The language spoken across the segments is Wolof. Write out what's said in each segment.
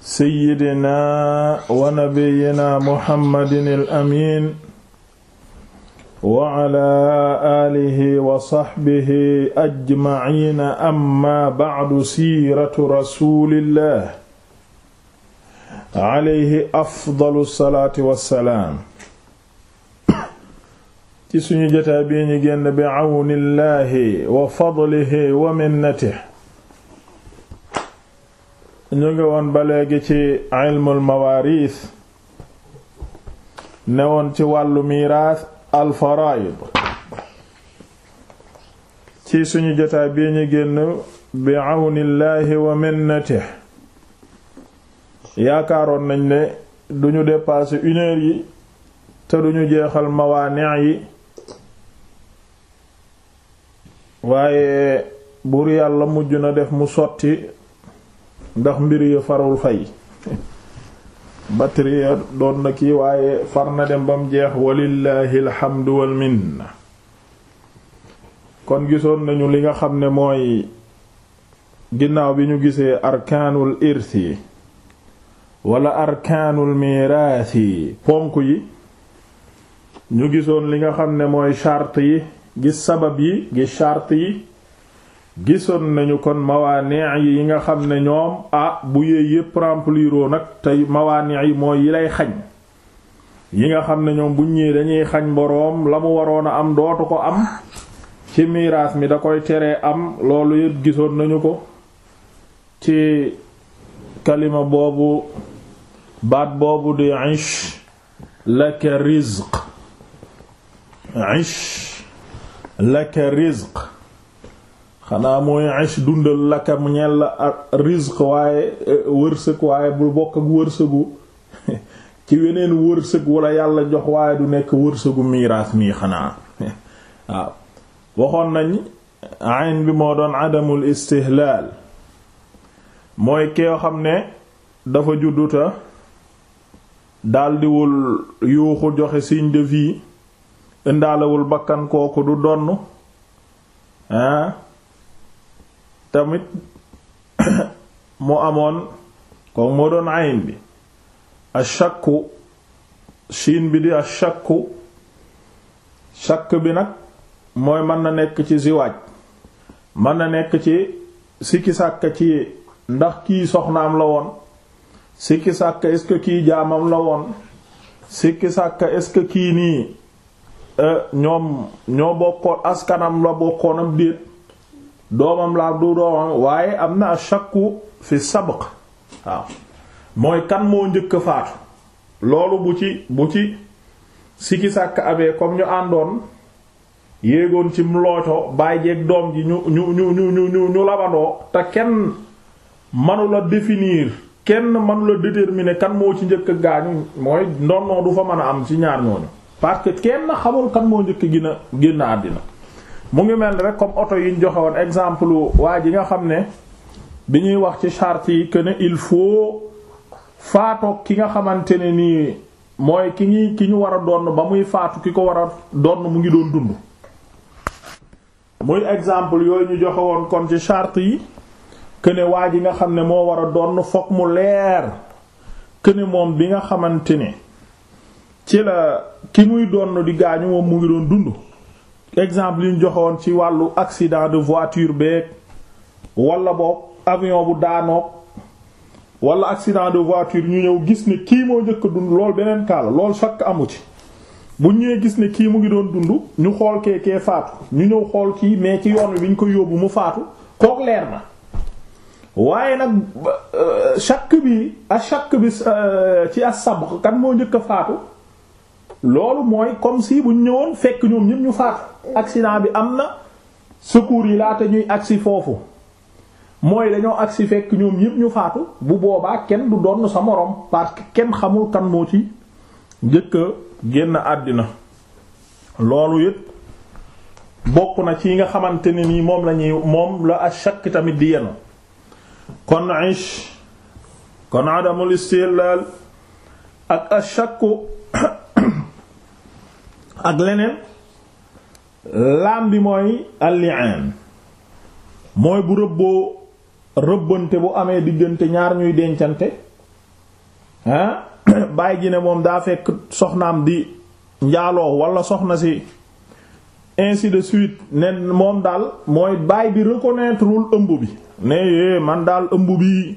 sayyidina wa nabiyyina muhammadin al-amiin wa ala alihi wa sahbihi ajmaciina amma bacdu siiratu rasulillah alayhi afdalu salaati wa salaam. ci suñu jotaay bi ñu génn bi cawnillahi wa fadlihi wa minnatihi ñu ngi woon ba léegi ci ilmul mawaris ne woon ci wàllu miiraas al ci suñu jotaay bii ñu génn bi àwnillaahi wa minnatih yaakaaroon nañ ne duñu dépasser une heure yi te duñu jeexal mawaani yi waaye buur yàlla mujj na def mu sotti ndax mbir yi farul fay batterie doon na kii waaye far na dem ba mu jeex walillahi alhamdu wal minna kon gisoon nañu li nga xam ne mooy ginnaaw bi ñu gisee arkaanul irs yi wala arkaanul miraas yi ponk yi ñu gisoon li nga xam ne mooy charte yi gis sabab yi gis charte yi gisoon nañu kon mawaane yi nga xam ne ñoom ah bu yee yépp rempliroo nag te mawaane yi mooy yi lay xañ yi nga xam ne ñoom bu ñëwee dañuy xañ boroom la mu waroon a am dootu ko am ci miraas mi da koy teree am loolu yépp gisoon nañu ko ci kalima boobu baat boobu di ish laka rizq ish laka rizq xanaa mooy ish dundal lakam ñel la ak rizq waaye eh, wërsëg waaye bu bokk ak wërsëgu ci weneen wërsëg wala yàlla jox waaye du nekk wërsëgu miraas mii xanaa waaw waxoon nañ ayn bi moo doon adamul istihlaal mooy koo xam ne dafa judduta daldiwul yuuxu joxe signe de vie indaalewul bakkan kooku du donn tamit mu amoon kooku moo doon ayin bi ashakku shin bi di ashakku shakk bi nag mooy mën na nekk ci ziwaaj mën na nekk ci sikki sàkk ci ndax kii soxnaam la woon sikki sàkk est jaamam la woon sikki sàkk est-ce que kii nii eh, ñoom ñoo bokkoon askanam la bokkoonam déet doomam laa du doomam waaye am na shakku fi sabq waaw mooy kan moo njëkk a faatu loolu bu ci bu ci sikki sàkk abee comme ñu àndoon yéegoon ci mlooto bàyyi jeeg doom ji ñu ñu ñu ñu ñu ñu labandoo te kenn manula définir kenn manula déterminer kan moo ci njëkk a gaañu mooy ndonnoo du fa mën a am ci ñaar ñooñu parce que kenn xamul kan moo njëkk gina génn àddina mu ngi mel ni rek comme oto yi joxe woon exemple waa ji nga xam ne bi ñuy wax ci charte yi que il faut faatoog ki nga xamante ne nii mooy ki ñuy ki ñu war a donn ba muy faatu ki ko war a donn mu ngi doon dund. muy exemple yooyu ñu joxe woon kon ci charte yi que waa ji nga xam ne moo war a donn fokk mu leer que moom bi nga xamante ne ci la ki muy donn di gaañu moom mu ngi doon dund. exemple yi ñu ci wàllu accident de voiture beeg wala boog avion bu daanoog wala accident de voiture ñu ñëw gis ni kii moo njëkk a dund lool beneen kaala lool sakk amu ci bu ñëwee gis ni kii mu ngi doon dund ñu xool kee kee faatu ñu ñëw xool kii mais ci yoon bi ñu ko yóbbu mu faatu kook leer na waaye nag euh, chaque bi a shakk bi euh, ci as-sabq kan moo njëkk faatu loolu mooy comme si bu ñëwoon fekk ñoom ñëpp ñu faat accident bi am na secours yi laata ñuy agsi foofu mooy dañoo agsi fekk ñoom ñëpp ñu faatu bu boobaa kenn du doon sa moroom parce que kenn xamul kan moo ci njëkk a génn àddina loolu it bokk na ci nga xamante ne ni moom la ñuy moom la achak tamit di yenu kon ich kon adamul istihlal ak achakku ak leneen laam bi mooy al-li'an mooy bu rëbboo rëbbante bu amee diggante ñaar ñuy dencante ah bàyyi ji ne moom daa fekk soxnaam di njaaloo wala soxna si ainsi de suite ne daal mooy baay bi reconnaître wul ëmb bi ne eh, man daal ëmb bi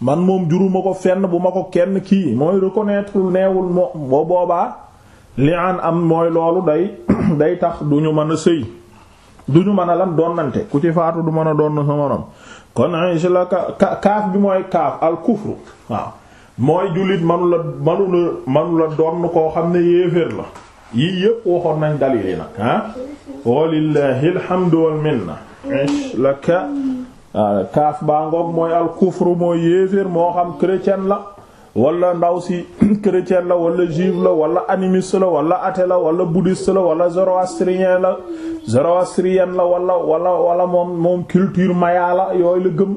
man moom juruma ko fenn bu ma ko kenn kii mooy reconnaître neewul moom boobaa li'aan am mooy loolu day day tax du ñu mën a sëy du ñu mën a la donnante ku ci faatu du mën a donn sa moroom kon ayis la ka kaaf bi mooy kaaf al kufru waaw mooy jullit manu la donn koo xam ne yéeféer la yii yépp waxoon nañ dalil yi nag ah walillahi alhamdu wal minna la ah, kaaf baa ngoog mooy al mooy yéeféer moo xam chrétien la wala ndaw si chrétien la walla juif la wala animiste la wala athée la wala bouddhiste la wala zoroastrien la zoroastrienne la wala wala wala moom moom culture maya la yooyu la gëm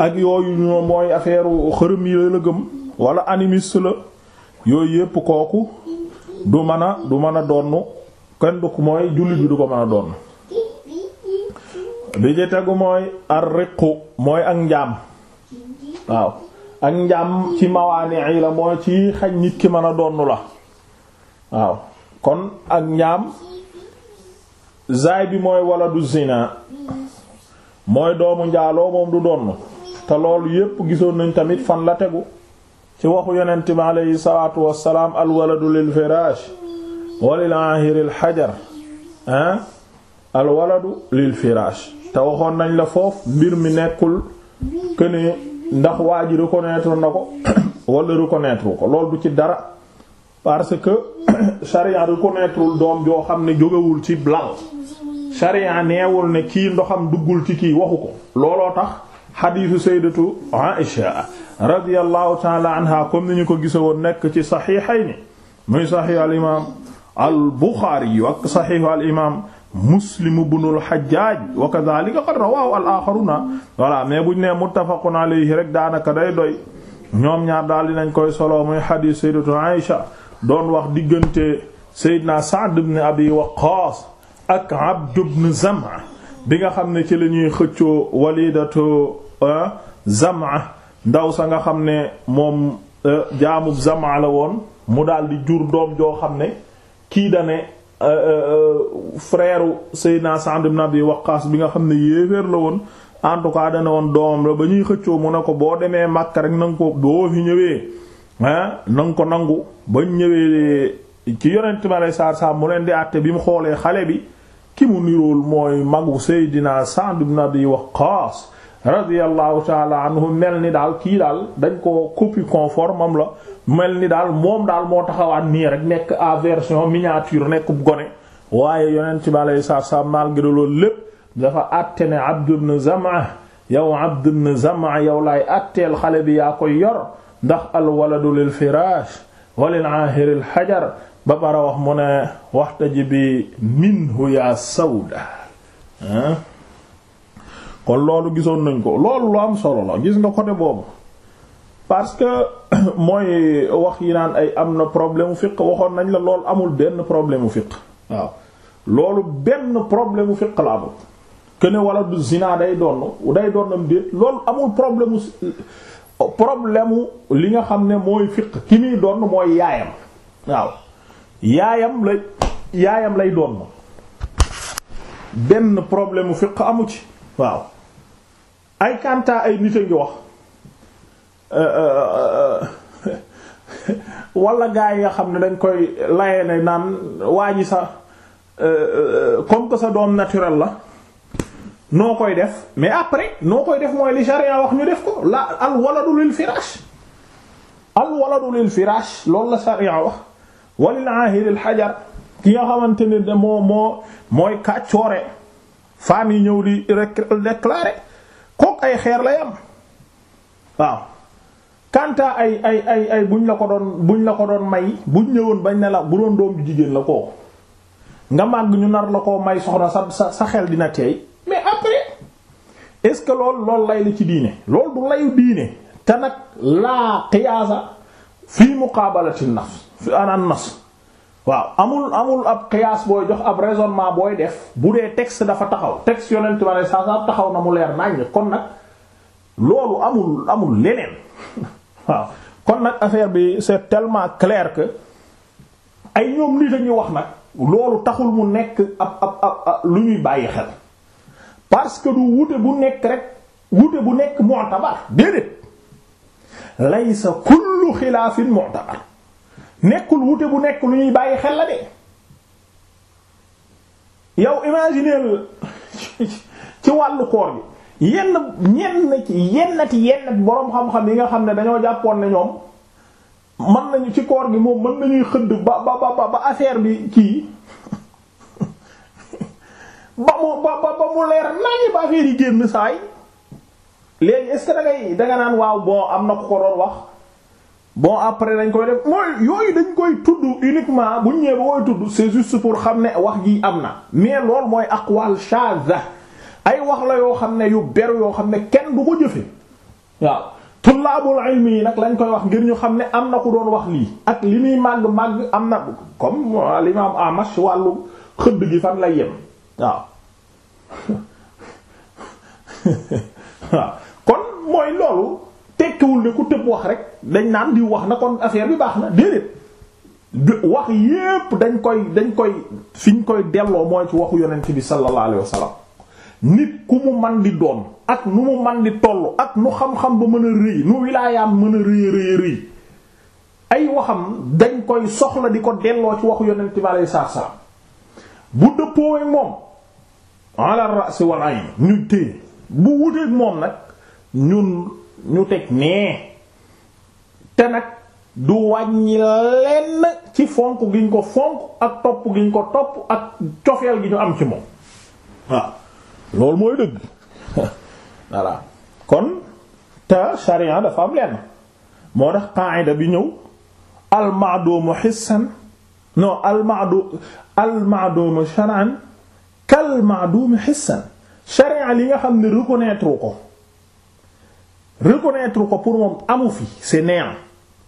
ak yooyu ñoo mooy affaire xërëm yi la gëm wala animiste la yooyu yépp kooku du mën a du mën a donn kenn du ko mooy jullit bi du ko mën a donn bi ci tegu mooy ar riqu mooy ak njaam waaw ak njaam ci mawaani yi la mooy ci xañ nit ki mën a donn la waaw kon ak njaam zaay bi mooy wala du zina mooy doomu njaaloo moom du donn te loolu yépp gisoon nañ tamit fan la tegu ci waxu yonent bi aleyhi salaatu wassalaam alwaladu lil firaash walil ahiri xajar ah alwaladu lil firaash te waxoon nañ la foofu mbir mi nekkul këne ndax waa ji reconnaître na ko wala reconnaître ko loolu du ci dara parce que charia reconnaîtreul doom joo xam ne jógewul ci lal charia neewul ne kii ndoxam duggul ci kii waxu ko looloo tax xadiisu sayyidatu Aisha radiyallahu taala anha comme ni ñu ko gisa woon nekk ci saxiixayni muy saxiix al imaam al Buxaari yu ak saxiixu al imaam muslimu bunul xajjaaj wa kadhalika qad rawahu al axaruna voilà mais buñ nee muttafaqun alayhi rek daanaka day doy ñoom ñaar daal nañ koy solo muy xadiis sayyidatu Aïsha doon wax diggante na Sa'd ibn Abi Waqqas ak Abd ibn Zam'a bi nga xam ne ci la ñuy xëccoo walidatu ah, Zam'a ndaw sa nga xam ne moom ah, jaamub Zam'a la woon mu daal di jur doom joo xam ne kii Euh, euh, euh, frère Seydina Sa'd ibn Abi Waqqas bi nga xam ne yéeféer la woon en tout cas dana woon doomam la ba ñuy xëccoo mu ne ko boo demee Makka rek na nga ko boo fi ñëwee ah na ko nangu ba ñëwee ci yonent ma lay saar saar mu leen di àtte bi mu xoolee xale bi ki mu nirool mooy magu Seydina Sa'd ibn Abi Waqqas radiyallahu taala anhu mel ni daal kii daal dañ ko copie conforme la mel ni daal moom daal moo taxawaat nii rek nekk à version miniature nekk gone waaye yonent bi alayhi salaam malgré loolu lépp dafa àtte ne Abd ibn yow Abd ibn Zam'a yow lay àtteel xale bi yaa koy yor ndax al waladu lil firaash walil aahiril xajar ba bara wax mu ne waxta ji bi minhu yaa sawda kon loolu gisoon nañ ko loolu lu am solo la gis nga ko côté boobu parce que mooy wax yi naan ay am na problème mu fiq waxoon nañ la lool amul benn problème mu fiq waaw loolu benn problème mu fiq la amul que ne wala du day doon day doonam déet loolu amul problème problème li nga xam ne mooy fiq ki muy donn mooy yaayam waaw yaayam lay yaayam lay doon benn problème mu fiq amu ci waaw ay kanta ay nit a ngi wax euh, euh, euh, wala gaa yi xam ne dañ koy laye ne naan waa ji sa comme que sa doom naturel la noo koy def mais après noo koy def mooy li sharia wax ñu def ko la al waladu lil firaash al waladu lil firaash wax walil aahiril xajar ki nga xamante ni de moo moo mooy kàccoore femme yi ñëw di déclarer ay xeer lay am waaw kanta ay ay ay ay buñ la ko doon buñ la ko doon may buñ ñëwoon bañ ne la bu doon doom jigéen la ko nga màgg ñu nar la koo may soxna sa sa xel dina teey mais après est-ce que loolu loolu lay la ci diine lool du layu diine te nag laa qiyaasa fii muqaabalati nafs fi anan nafs waaw amul amul ab qiyaas booy jox ab raisonnement booy def bu dee texte dafa taxaw texte yonent ma ne saa saa taxaw na mu leer naññ kon nag loolu amul amul leneen waaw kon nag affaire bi c'est tellement clair que ay ñoom lii dañuy wax nag loolu taxul mu nekk ab ab ab lu ñuy bàyyi xel parce que du wute bu nekk rek wute bu nekk mu'tabar déedéet laysa kullu xilaafin mu'tabar nekkul wute bu nekk lu ñuy bàyyi xel la de yow imaginer ci wàll koor gi yenn ñenn ci yennati yenn boroom xam-xam yi nga xam ne dañoo jàppoon ne ñoom mën nañu ci koor gi moom mën nañuy xëdd ba ba ba ba affaire bi kii ba mu ba ba mu leer nañu ba affaire yi génn saay léegi est-ce que dangay danga naan waaw bon am na ko ko doon wax bon après dañ koy def mooy yooyu dañ koy tudd uniquement bu ñëwee ba koy tudd c'est juste pour xam ne wax ji am na mais lool mooy wàll shadha ay wax la yoo xam ne yu beru yoo xam ne kenn du ko jëfe waaw tullaabul ilmi yi nag lañ koy wax ngir ñu xam ne am na ku doon wax lii ak li muy màgg màgg am na comme am imam Amash wàllu xëdd gi fan lay yem waaw waaw kon mooy loolu tekkiwul ne ku tëb wax rek dañ naan di wax na kon affaire bi baax na déedéet wax yépp dañ koy dañ koy fiñ koy delloo mooy ci waxu yonent bi sallallahu nit ku mu man di doon ak nu mu man di toll ak nu xam-xam ba mën a rëy nu wilaayaam mën a rëy rëy rëy ay waxam dañ koy soxla di ko delloo ci waxu yonent bi alayhi salaam bu dëppoowe moom ala ra'si wal ayn ñu bu wuteeg moom nag ñun ñu teg nee te nag du wàññi lenn ci fonk gi ñu ko fonk ak topp gi ñu ko topp ak cofeel gi ñu am ci moom waaw loolu mooy dëgg voilà kon te sharia dafa am lenn moo tax qaida bi ñëw almaadumu xissan non almaadu almaadumu shar'an kalmaadumu xissan sharia li nga xam ne reconnaître ko reconnaître ko pour moom amu fi c'est néant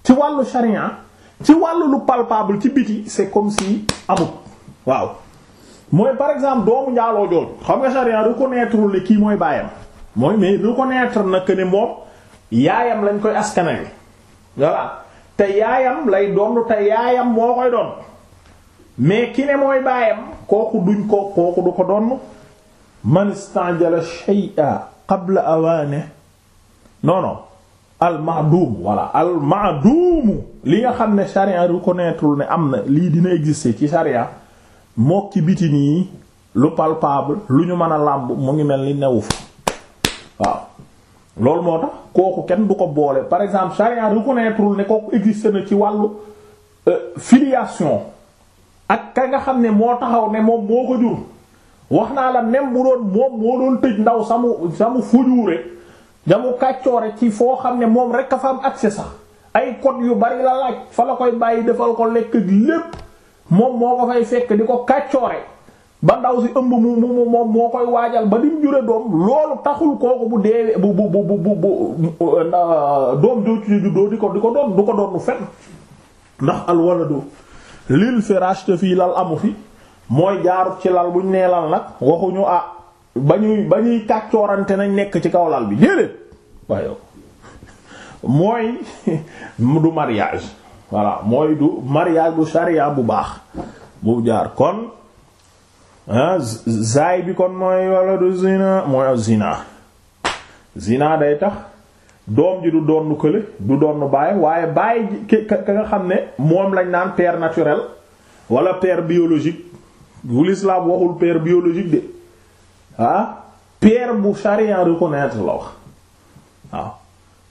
ci wàllu charia ci wàllu lu palpable ci biti c'est comme si amut waaw mooy par exemple doomu njaaloo jooju xam nga charia reconnaître le kii mooy baayam mooy mais reconnaître na que ne moom yaayam lañ koy askanale voilà te yaayam lay doon te yaayam moo koy doon mais ki ne mooy baayam kooku duñ ko kooku du ko doon man istanjala shay'a qabla awaane non non al ma'dum voilà al li nga xam ne charia reconnaître ne am na lii dina exister ci charia mook ci biti nii lu palpable lu ñu mën a làmb mu ngi mel ni newu fa waaw loolu moo tax kooku kenn du ko boole par exemple charia reconnaître ne kooku exister na ci wàllu euh, filiation ak ka nga xam ne moo taxaw ne moom moo ko jur wax naa la même bu doon moom moo doon tëj ndaw samu samu fujuure ñamu kàccoore ci foo xam ne moom rek a fa am accès sax ay code yu bari la laaj fa la koy bàyyi defal ko lekk lépp moom moo ko fekk di ko kàccoore ba ndaw si ëmb mu mu moom moo koy waajal ba lim jure doom loolu taxul kooku bu deewee bu bu bu bu doom doo ci juddoo di ko di ko doom du ko doon fen ndax alwaladu lil firaash te fii lal amu fi mooy jaarut ci lal buñ nee lal nag waxuñu ah ba ñuy ba ñuy kàccoorante nañ nekk ci kaw lal bi déedéet mooy du mariage voilà mooy du mariage bu sharia bu baax bu jaar kon zaay bi kon mooy wala du zina mooy zina zina day tax doom ji du doon kële du doon baay waaye baay ji ka nga xam ne moom lañ naan père naturel walla père biologique bu l'islam waxul père biologique de ah père bu charia reconnaître la wax waaw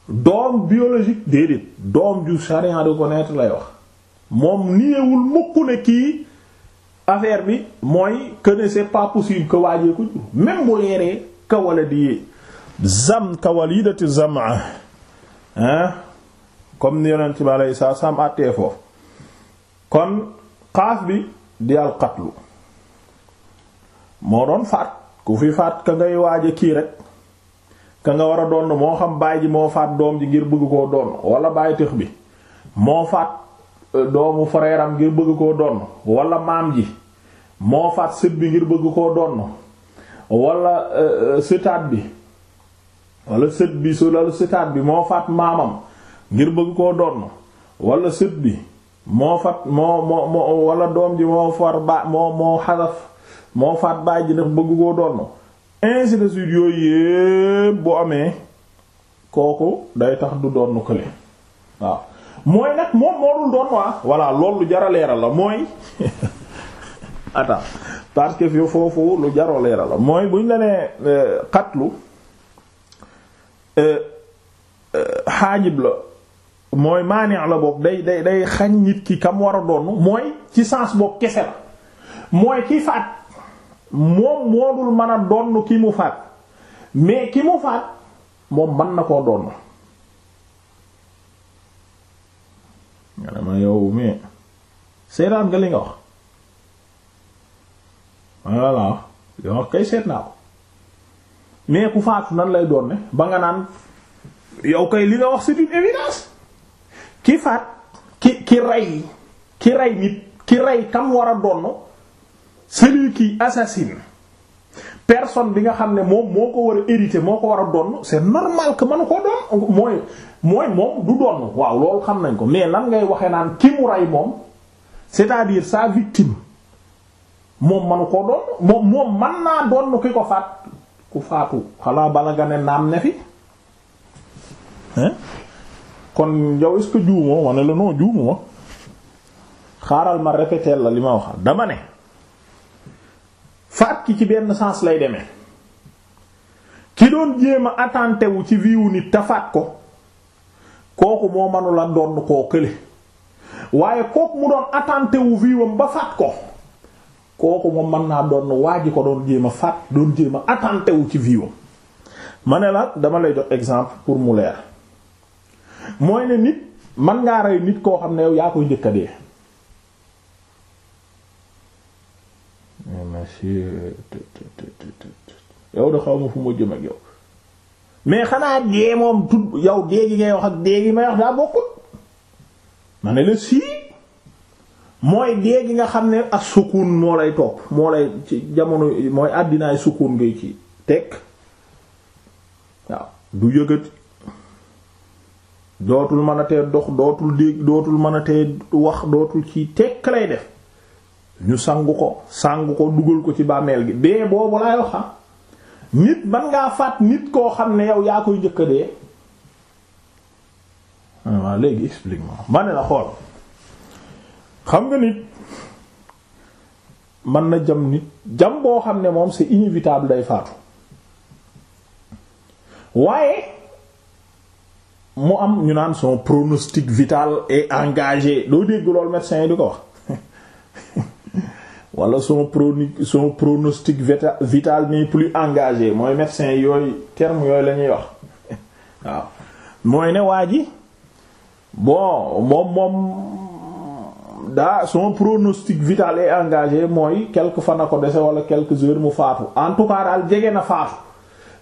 doom biologique déedéet doom ju charia reconnaître lay wax moom niewul mukk ne kii affaire bi mooy que ne c'est pas possible que waajee ko jur même boo yeeree kawala di zam kawalidati zama ah. hein comme ni yonent bi aleyhi salaatu salaam foofu kon xaaf bi di al moo doon faat ku fi faat ka ngay waaja kii rek ka nga war a donn moo xam baay ji moo faat doom ji ngir bëgg koo doon wala baay tëx bi moo faat euh, doomu frère am ngir bëgg koo doon walla maam ji moo faat sët bi ngir bëgg koo doon wala euh, bi wala sët bi su la bi moo faat maamam ngir bëgg koo doon moo moo moo moo doom ji moo far ba moo moo moo faat baay ji ndax koo doon ainsi de suite yooyu yépp bu amee kooku day tax du doon kële waaw mooy nag moom moo dul doon waa voilà loolu lu la mooy attends parce que fi foofu lu jaro la mooy buñ la nee xatlu euh, euh, euh, xaajib la mooy maaneex la boobu day day day xañ nit ki kam war a doon mooy ci sens boobu kese la mooy ki faat moom moo dul mën a donn ki mu faat mais ki mu faat moom man na koo donn nga ne ma yow mais seetaan nga li nga wax voilà yow kay seet naa ko mais ku faatu nan lay doon ne ba nga naan yow kay li nga wax c'est une évidence ki faat ki ki rey ki rey nit ki rey kam war a donn celui qui assassine personne bi nga xam ne moom moo ko war a hériter moo ko war a donn c'est normal que manu koo doon mooy mooy moom du donn waaw loolu xam nañ ko mais lan ngay waxee naan ki mu rey moom c'est-à-dire sa victime moom manu koo doon moom man naa doon ki ko faat ku faatu xalaa bala nga ne naam ne fi kon yow est-ce que juumoo ma ne la non juumu ma xaaral ma répéter la li ma wax dama ne faat ki ci benn sens lay deme ki doon jéem a attenté ci viwu nit te faat ko kooku moo manula donn koo kële waaye kooku mu doon attenté wu viwam ba faat ko kooku moom mën naa doon waa ko doon jéem a faat doon jéem a wu ci viwam ma ne la dama lay jox exemple pour mu leer mooy ne nit man ngaa rey nit koo xam ne yow yaa koy njëkka dee yow de xaw ma fu ma jëm ak yow mais xanaa dee moom tudd yow dee gi ngay wax ak dee gi may wax daa bokkul ma ne la sii mooy dee gi nga xam ne ak sukun moo lay topp moo lay ci jamono mooy àddinaay sukun ngay ci teg waaw du yëgati dootul mën a tee dox dootul dégg dootul mën a tee wax dootul ci tekk lay def ñu sangu ko sangu ko dugal ko ci bàmmeel gi bee boobu laay wax ah. nit man ngaa faat nit koo xam ne yow yaa koy njëkk a ah, léegi ma la xool xam nga nit mën na jam nit xam ne moom c'est inévitable day faatu waaye mu am ñu naan son pronostic vital est engagé doo dégg loolu médecin yi di ko wax wala son pronostic son pronostic vital n'est plus engagé mooy médecin yooyu terme yooyu la ñuy wax waaw mooy ne waa ji bon moom moom daa son pronostic vital est engagé mooy quelque fan a ko dese wala quelque heures mu faatu en tout cas daal jege na faatu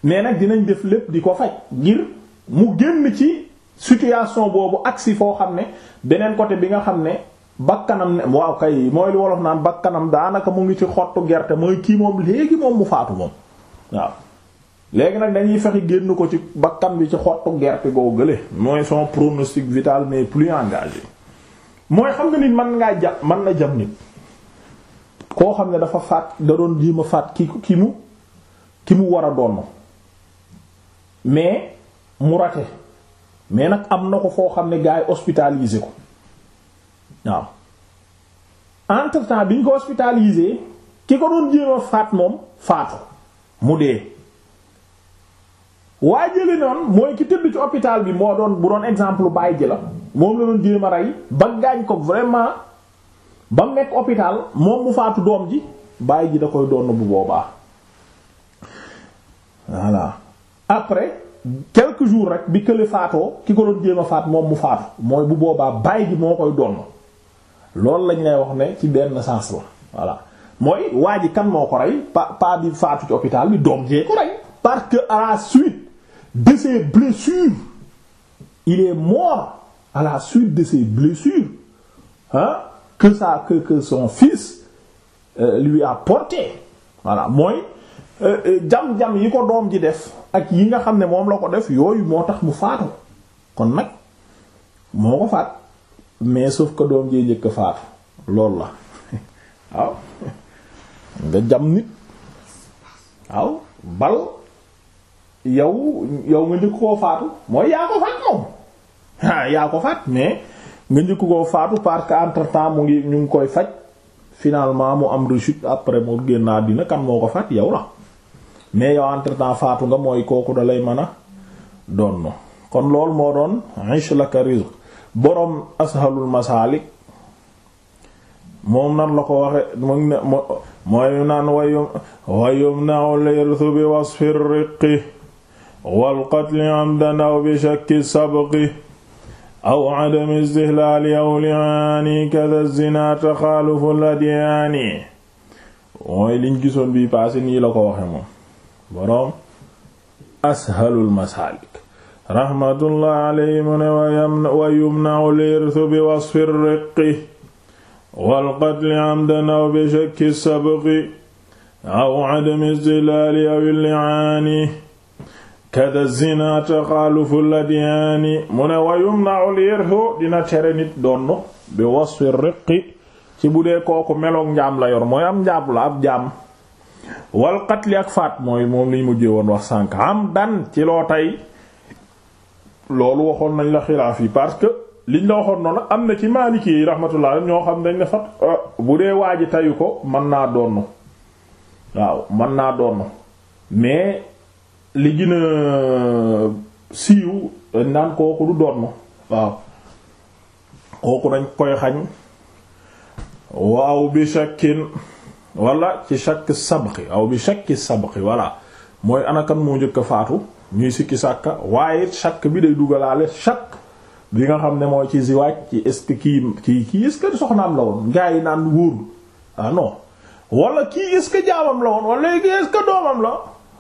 mais nag dinañ def lépp di ko faj ngir mu génn ci situation boobu agsi foo xam ne beneen côté bi nga xam ne bakkanam ne waaw kay mooy lu wolof naan bakkanam daanaka mu ngi ci xottu gerte mooy kii moom léegi moom mu faatu moom waaw léegi nag dañuy fexe génn ko ci bakkan bi ci xottu gerte goo gële mooy son pronostic vital n'est plus engagé mooy xam nga nit mën ngaa jam man na jam nit koo xam ne dafa faat da doon ma faat ki ki mu ki mu war a doon mais mu rate mais nag am na ko foo xam ne gars yi hospitalisé ko waaw entre temps bi ñu ko hospitalisé ki ko doon jéema faat moom faatu mu dee waa jële noonu mooy ki tëdd ci hôpital bi moo doon bu doon exemple bàyyi jëla moom la doon jéema rey ba gaañ ko vraiment ba mu nekk hôpital moom mu faatu doom ji bàyyi ji da koy doon bu boobaa voilà après quelques jour rek bi kële faatoo ki ko doon jéema faat moom mu faatu mooy bu boobaa bàyyi ji moo koy doon loolu lañ lay wax ne ci benn sens la voilà mooy waa ji kan moo ko rey pa pa bi faatu ci hôpital bi doom jee ko rey parce que à la suite de ses blessures il est mort à la suite de ses blessures ah que ça que que son fils euh, lui a porté voilà mooy euh, euh, jam-jam yi ko doom ji def ak yi nga xam ne moom la ko def yooyu moo tax mu faatu kon nag moo ko faat mais sauf que doom jee njëkk faatu lool la waaw nga jam nit waaw bal yow yow nga njëkk koo faatu mooy yaa ko faat yaa ko faat mais nga njëkk koo faatu parce que entre temps mu ngi ñu ngi koy faj finalement mu am rechute après mu génnaa àddina kan moo ko faat yow la mais yow entre temps faatu nga mooy kooku da lay mën a doon kon loolu moo doon riche la ka rizq boroom ashalul masaalik moom nan la ko waxe mu ne mooy naan wayum wayum naul irthu bi wasfi riqi wal qatli amdan aw bi shakki sabqi aw adami istihlaali aw liaani kada zina taxaalufu ladyaani mooy liñ gisoon bi passé nii la ko waxe moom boroom ashalul masaalik raxmatullah alayhi mu ne wa yumna'u al-irthu bi wasfi ar-riqqi wal-qatli amdan aw bi shakki as-sabqi aw adami izdilaali aw al-i'aani kada zina taxaalufu al-adyaani mu ne wa yumna'u al-irthu dina tere nit donn bi wasfi ar-riqqi ci bu dee kooku meloog njaam la yor mooy am njaam la ab jaam wal-qatli ak faat mooy moom liy mujjee woon wax sànk amdan ci loo tey loolu waxoon nañ la xilaaf yi parce que liñ la waxoon noonu am na ci Maliki yi rahmatullah ñoo xam dañ ne fat euh, bu dee waa ji tayu ko mën naa donn waaw mën naa doon mais li gën a siiw naan kooku du donn waaw kooku dañ koy xañ waaw bi shakkin wala ci shakk sabqi aw bi shakki sabqi voilà mooy anakan moo njëkk a faatu ñuy sikki sàkka waaye shakk bi day dugalaale shakk bi nga xam ne moo ci ziwaaj ci est kii kii kii soxnaam la woon gaa yi naan wóorul ah non kii est-ce la woon wala est-ce que doomam la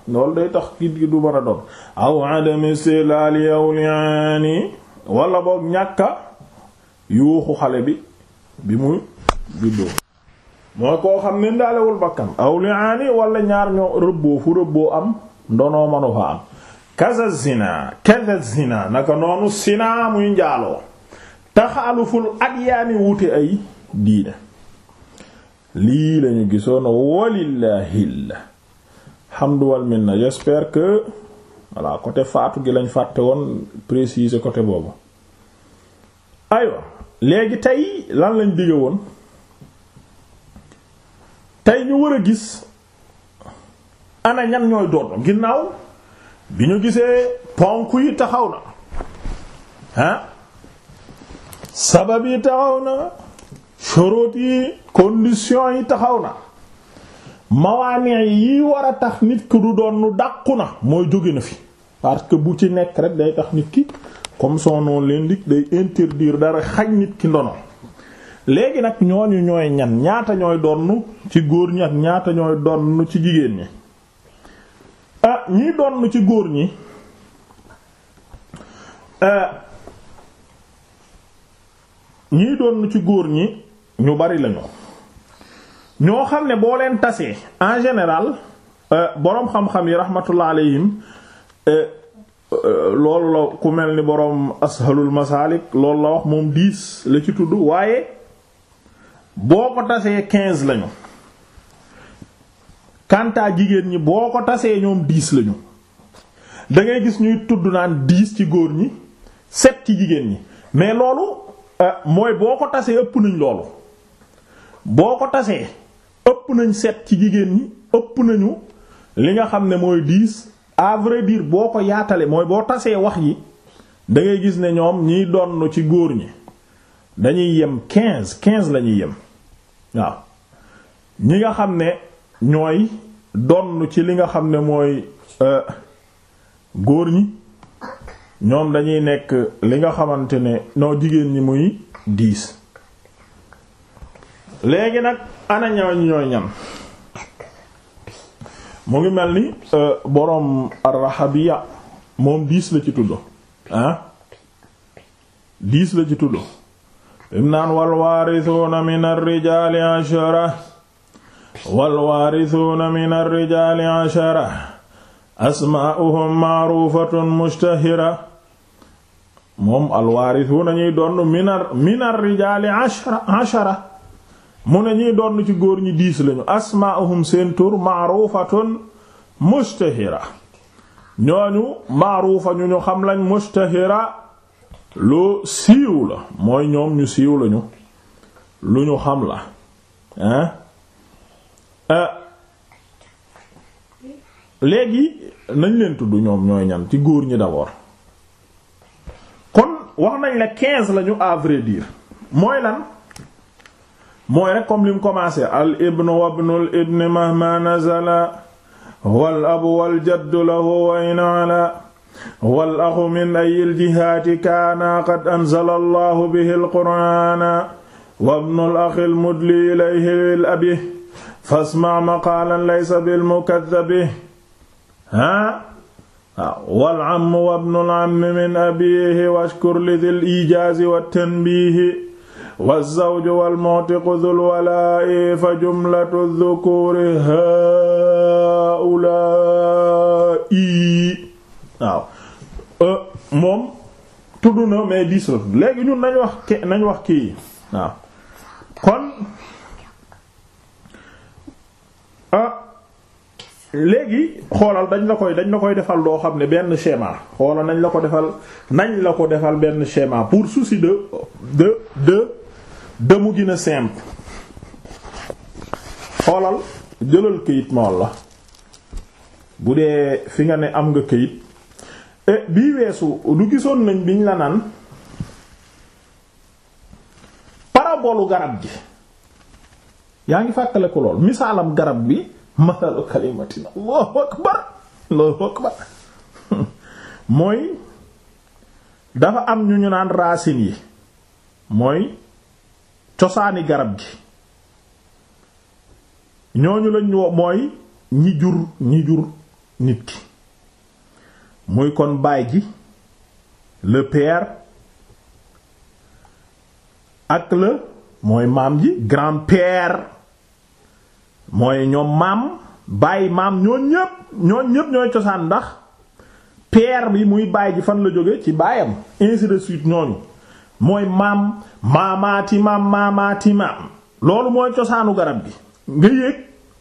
loolu day tax kii du mën a doon aw adami silali awliani wala boog ñàkka yuuxu xale bi bi mu juddoo mooy koo xam ne ndaalewul bakkan awliani wala ñaar ñoo rëbboo fu rëbboo am ndonoo manu fa am kaza zina kaza zina naka noonu sina muy njaaloo taxaaluful adyaani wuute ay diine lii lañu gisoon walillahil hamdu wal minna que voilà côté faatu gi lañ fàtte woon préciser côté boobu aywa léegi tey lan lañ digge woon tey ñu war a gis ana ñan ñooy doon ginnaaw bi ñu gisee ponk yi taxaw na ah sabab yi taxaw na shurut yi condition yi taxaw na mawaani yi war a tax nit ki du doon nu dàqu na mooy jóge na fi parce que bu ci nekk rek day tax nit ki comme son nom l'indique day interdire dara xaj nit ki ndono léegi nag ñooñu ñooy ñan ñaata ñooy donn ci góor ñi ñaata ñooy donn ci jigéen ñi ah ñiy doon ci góor ñi ah, ñiy doon ci góor ñi ñu bari lañu ñoo xam ne boo leen tasee en général ah, boroom xam-xam yi rahmatullah alayhim ah, loolu la ku mel ni boroom ashalul masalik lool la wax moom dix la ci tudd waaye boo ko tasee quinze lañu kantaa jigéen ñi boo ko tasee ñoom dix lañu da ngay gis ñuy tudd naan diis ci góor ñi set ci jigéen ñi mais loolu euh, mooy boo ko tasee ëpp nañ loolu boo ko tasee ëpp nañ sept ci jigéen ñi ëpp nañu li nga xam ne mooy dix à vrai boo ko yaatale mooy boo tasee wax yi da ngay gis ne ñoom ñiy donn ci góor ñi dañuy yem quinze quinze la ñuy yem waaw ñi nga xam ne ñooy donn ci li nga xam ne mooy euh, góor ñi ñoom dañuy nekk li nga xamante ne noo jigéen ñi muy diis léegi nag ana ñooñ ñooy mu ngi mel ni euh, boroom ar moom diis la ci tudd ah la ci tudd im naan wal waarisuuna min ar-rijaali walwaarisuuna min alrijali ashara moom alwaarisuuna ñuy donn minar minar rijaali ashara ashara mu ne ñuy donn ci góor ñi diis lañu asmaa'uhum seen tur ma'ruufatun mushtahira ñooñu ma'ruufa ñu ñu xam lañ mushtahira lu siiw la mooy ñoom ñu siiw lañu lu ñu xam la Euh, léegi nañ leen tudd ñoom ñooy ñan ci góor ñi d'abord kon wax nañ la lañu à vrai mooy lan mooy rek comme lim commencé al ibnu wabnul ibni mahma nazala wal abu wal jaddu lahu wa in ala wal min ayil jihaati kaana qad anzala allahu bihi al qur'ana wa ibnul axil mudli ilayhi al abi fasma maqaalan laysa bil mukaddabi ha wal am wa ibnul am min abiihi washkur li dhil ijaazi wa tanbiihi wa zawju wal mu'tiqu dhul walaa'i fa jumlatu dhukuuri haa'ulaa'i waaw euh, moom tudd na mais diis la léegi ñun nañ wax ke nañ wax kii waaw kon Ah, léegi xoolal dañ la koy dañ la koy defal loo xam ne benn schéma xoolal nañ la ko defal nañ la ko defal benn schéma pour souci de de de de mu gën a simple xoolal jëlal këyit ma walla bu dee fi nga ne am nga këyit e, bii weesu du gisoon nañ biñ la naan parabolu garab gi yaa ngi fàttale ko lool misaalam garab bi masalu kalimatin allahu akbar allahu akbar mooy dafa am ñu ñu naan racines yi mooy cosaani garab gi ñooñu lañ woo mooy ñi jur ñi jur nit ki muy kon baay ji le ak le mooy maam ji grand-père mooy ñoom maam bàyyi maam ñooñ ñépp ñooñ ñépp ñooy cosaan ndax père bi muy baay ji fan la jóge ci baayam ainsi de suite ñooñu mooy maam maamaati maam maamaati maam loolu mooy cosaanu garab gi nga yéeg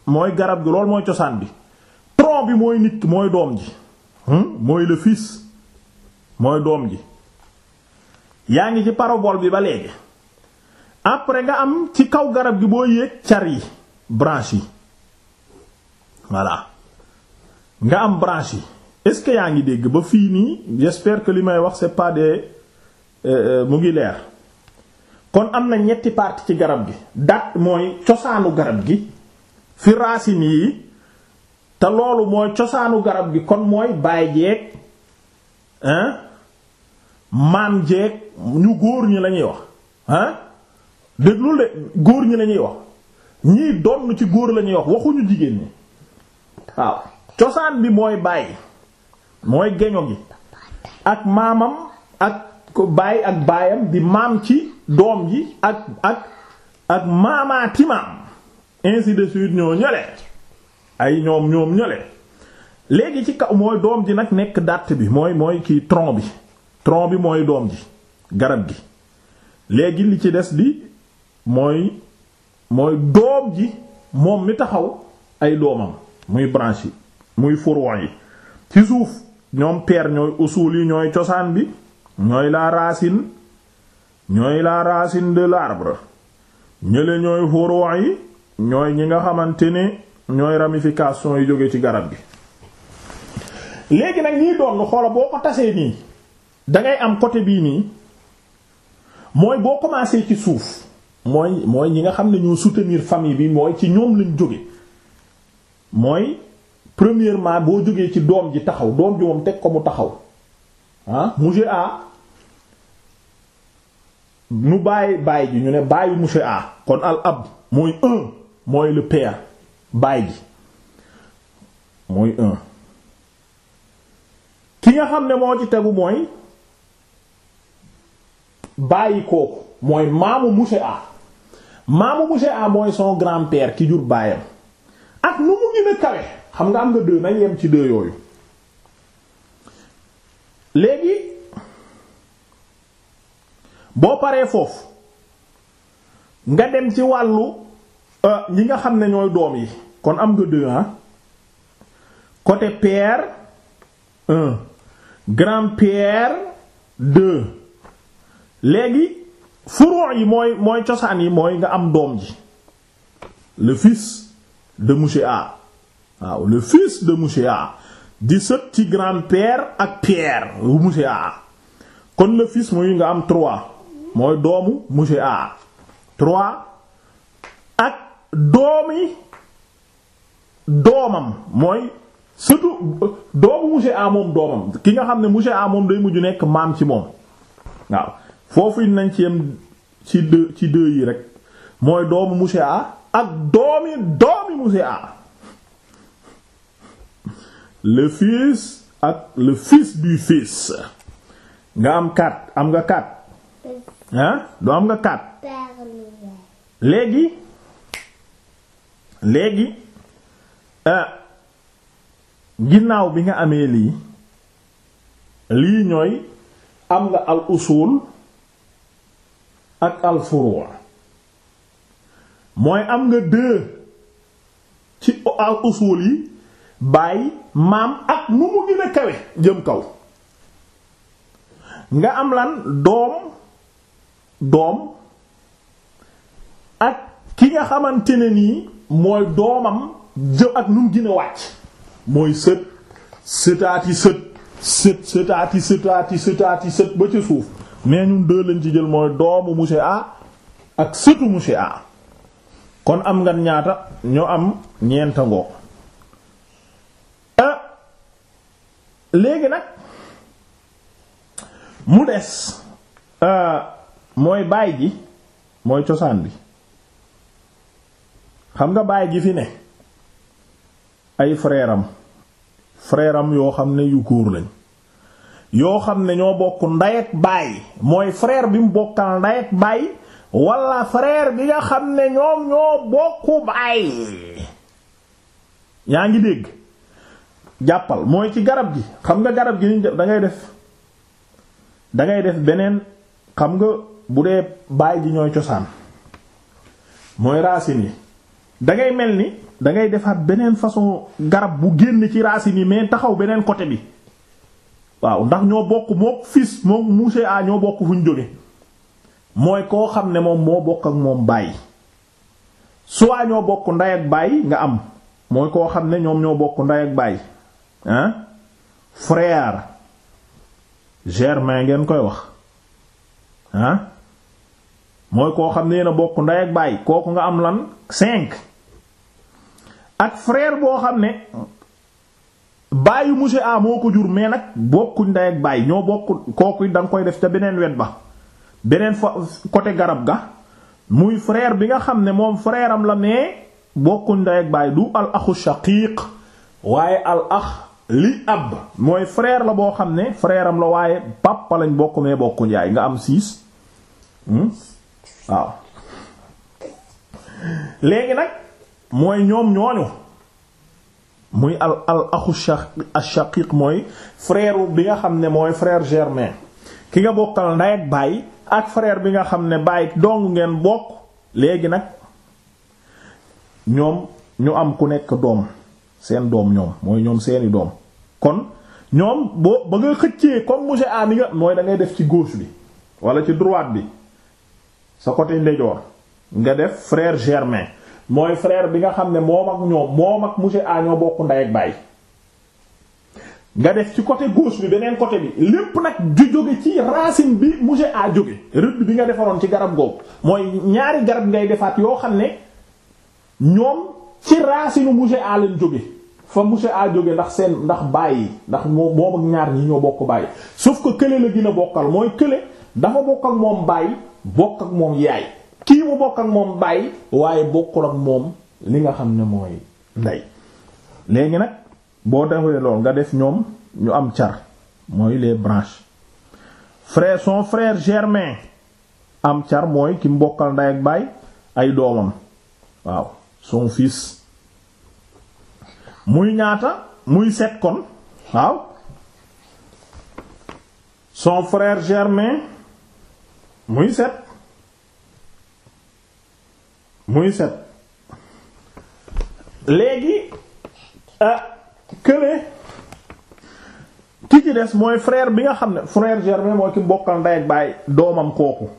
mooy garab gi loolu mooy cosaan bi tronc bi mooy nit mooy doom ji hmm? mooy le mooy doom ji yaa ngi ci parabool bi ba léegi après nga am ci kaw garab gi boo yéeg car yi branche yi voilà nga am branche yi est-ce que yaa ngi dégg ba fii nii j'espère que li may wax c'est pas euh, euh, mu ngi leer kon am na ñetti partie ci garab gi dat mooy cosaanu garab gi fi racines yi te loolu mooy cosaanu garab gi kon mooy baay jeeg hein maam jeeg ñu góor ñi lañuy wax hein déglul de góor ñi lañuy wax ñii donn ci góor lañuy wax waxuñu jigéen ñi waaw cosaan bi mooy bàyyi mooy geño gi ak maamam ak ko bàyyi ak baayam bi maam ci doom ji ak ak ak maamaati maam ainsi de suite ñoo ñële ay ñoom ñoom ñële léegi ci kaw mooy doom ji nag nekk dàtt bi mooy mooy kii tronc bi tronc bi mooy doom ji garab gi léegi li ci des bi mooy mooy doom ji moom mi taxaw ay doomam muy branch yi muy furon yi ci suuf ñoom peer ñooy usul yi ñooy cosaan bi ñooy la racine ñooy la racine de l'arbre ñële ñooy furon yi ñooy ñi nga xamante ne ñooy ramification yi jóge ci garab gi léegi nag ñiy doon xoola boo ko tasee nii dangay am côté bii nii mooy boo commencé ci suuf mooy mooy ñi nga xam ne ñoo soutenir famille bi mooy ci ñoom lañ jóge mooy premièrement boo jógee ci doom ji taxaw doom ji moom teg ko mu taxaw ah monsieur A nu bàyyi bàyyi ji ñu ne bàyyi monsieur A kon al ab mooy un mooy le père bàyyi ji mooy un ki nga xam ne moo ci tegu mooy bàyyi kooku mooy maamu monsieur A maamu mu A mooy son grand-père ki jur baayam ak nu mu gën kawe xam nga am nga deux nañ yem ci deux yooyu léegi boo paree foofu nga dem ci wàllu euh, ñi nga xam ne ñooy doom yi kon am nga deux ah côté père grand-père deux léegi furoo yi mooy mooy cosaan yi mooy nga am doom ji le fils de monsieur A waaw le fils de monsieur di sët ci grand-père ak père wu monsieur kon le fils mooy nga am trois mooy doomu monsieur A trois ak doomi doomam mooy surtout doomu monsieur A moom doomam ki nga xam ne monsieur moom day mujj nekk maam ci moom waaw foofu it nañ ci yem ci deux ci deux yi rek mooy doomu monsieur A ak doomi doomi monsieur A le fils ak le fils du nga am quatre am nga quatre ah doo am nga kaat léegi léegi euh, ginnaaw bi nga amee lii lii ñooy am nga al usul ak alfur furu' mooy am nga deux ci al usul yi bàyyi maam ak nu mu gën kawe jëm kaw nga am lan doom doom ak ki nga xamante ne nii mooy doomam jëm ak nu mu gën wàcc mooy sët sëtaati sët sët sëtaati sëtaati sëtaati sët ba ca suuf mais ñun deux lañ ci jël mooy doomu monsieur A ak sëtu monsieur A kon am nga ñaata ñoo am ñeenta ngoo euh, léegi nag mu des euh, mooy baay ji mooy cosaan bi xam nga baay ji fi ne ay frère am yoo xam ne yu góor lañ yoo xam ne ñoo bokk ndey ak baay mooy frère bi mu bokkal ndey ak baay wala frère bi nga xam ne ñoom ñoo bokku baay yaa ngi dégg jàppal mooy ci garab gi xam nga garab gi da ngay def dangay def beneen xam nga bu dee baay ji ñooy cosaan mooy racines yi dangay mel ni dangay defaat beneen façon garab bu génn ci racines yi mais taxaw beneen côté bi. waaw ndax ñoo bokk mook fils moom monsieur A ñoo bokk fu ñu jóge mooy koo xam ne moom moo bokk ak moom bàyyi soit ñoo bokk nday ak bàyyi nga am mooy koo xam ne ñoom ñoo bokk nday ak bàyyi ah frère ngeen koy wax mooy koo xam ne yéen a bàyyi kooku nga am lan cinq ak frère boo xam ne baayu monsieur A moo ko jur mais nag bokkuñ ndey ak baay ñoo bokk kooku da nga koy def ca beneen wet ba beneen fa côté garab ga muy frère bi nga xam ne moom frère la mais bokkuñ ndey ak baay du al axu shaqiiq waaye al ax li ab mooy freer la boo xam ne freeram la waaye papa lañ bokk mais bokkuñ yaay nga am siis hmm? waaw léegi nag mooy ñoom ñooñu. muy al al axu shaqiq mooy frère bi nga xam ne mooy frère germain ki nga bokkal ndey ak baay ak frère bi nga xam ne bàyyi dong ngeen bokk léegi nag ñoom ñu am ku nekk doom seen doom ñoom mooy ñoom seeni doom kon ñoom boo ba nga xëccee comme monsieur A nga mooy dangay def ci gauche bi wala ci droite bi sa côté ndejoor nga def frère germain mooy frère bi nga xam ne moom ak ñoom moom ak monsieur A ñoo bokk ndey ak baay nga def ci côté gauche bi beneen côté bi lépp nag ju jóge ci racine bi monsieur A jóge rëdd bi nga defaroon ci garab googu mooy ñaari garab ngay defaat yoo xam ne ñoom ci racine monsieur A leen jóge fa monsieur A jóge ndax seen ndax bàyyi ndax moom ak ñaar ñi ñoo bokk bàyyi sauf ko kële la gën a bokkal mooy kële dafa bokk ak moom bàyyi bokk ak moom yaay. kii mu bokk ak moom bàyyi waaye bokkul ak moom li nga xam ne mooy ndey léegi nag boo defee lool nga def ñoom ñu am car mooy les branche frère son frère germain am car mooy ki mu bokkal ndey ak baay ay doomam waaw son fils muy ñaata muy set kon waaw son frère germain muy set muy set léegi ah kële ki ci des mooy frère bi nga xam ne frère germain moo ci bokkal ndey ak baay doomam kooku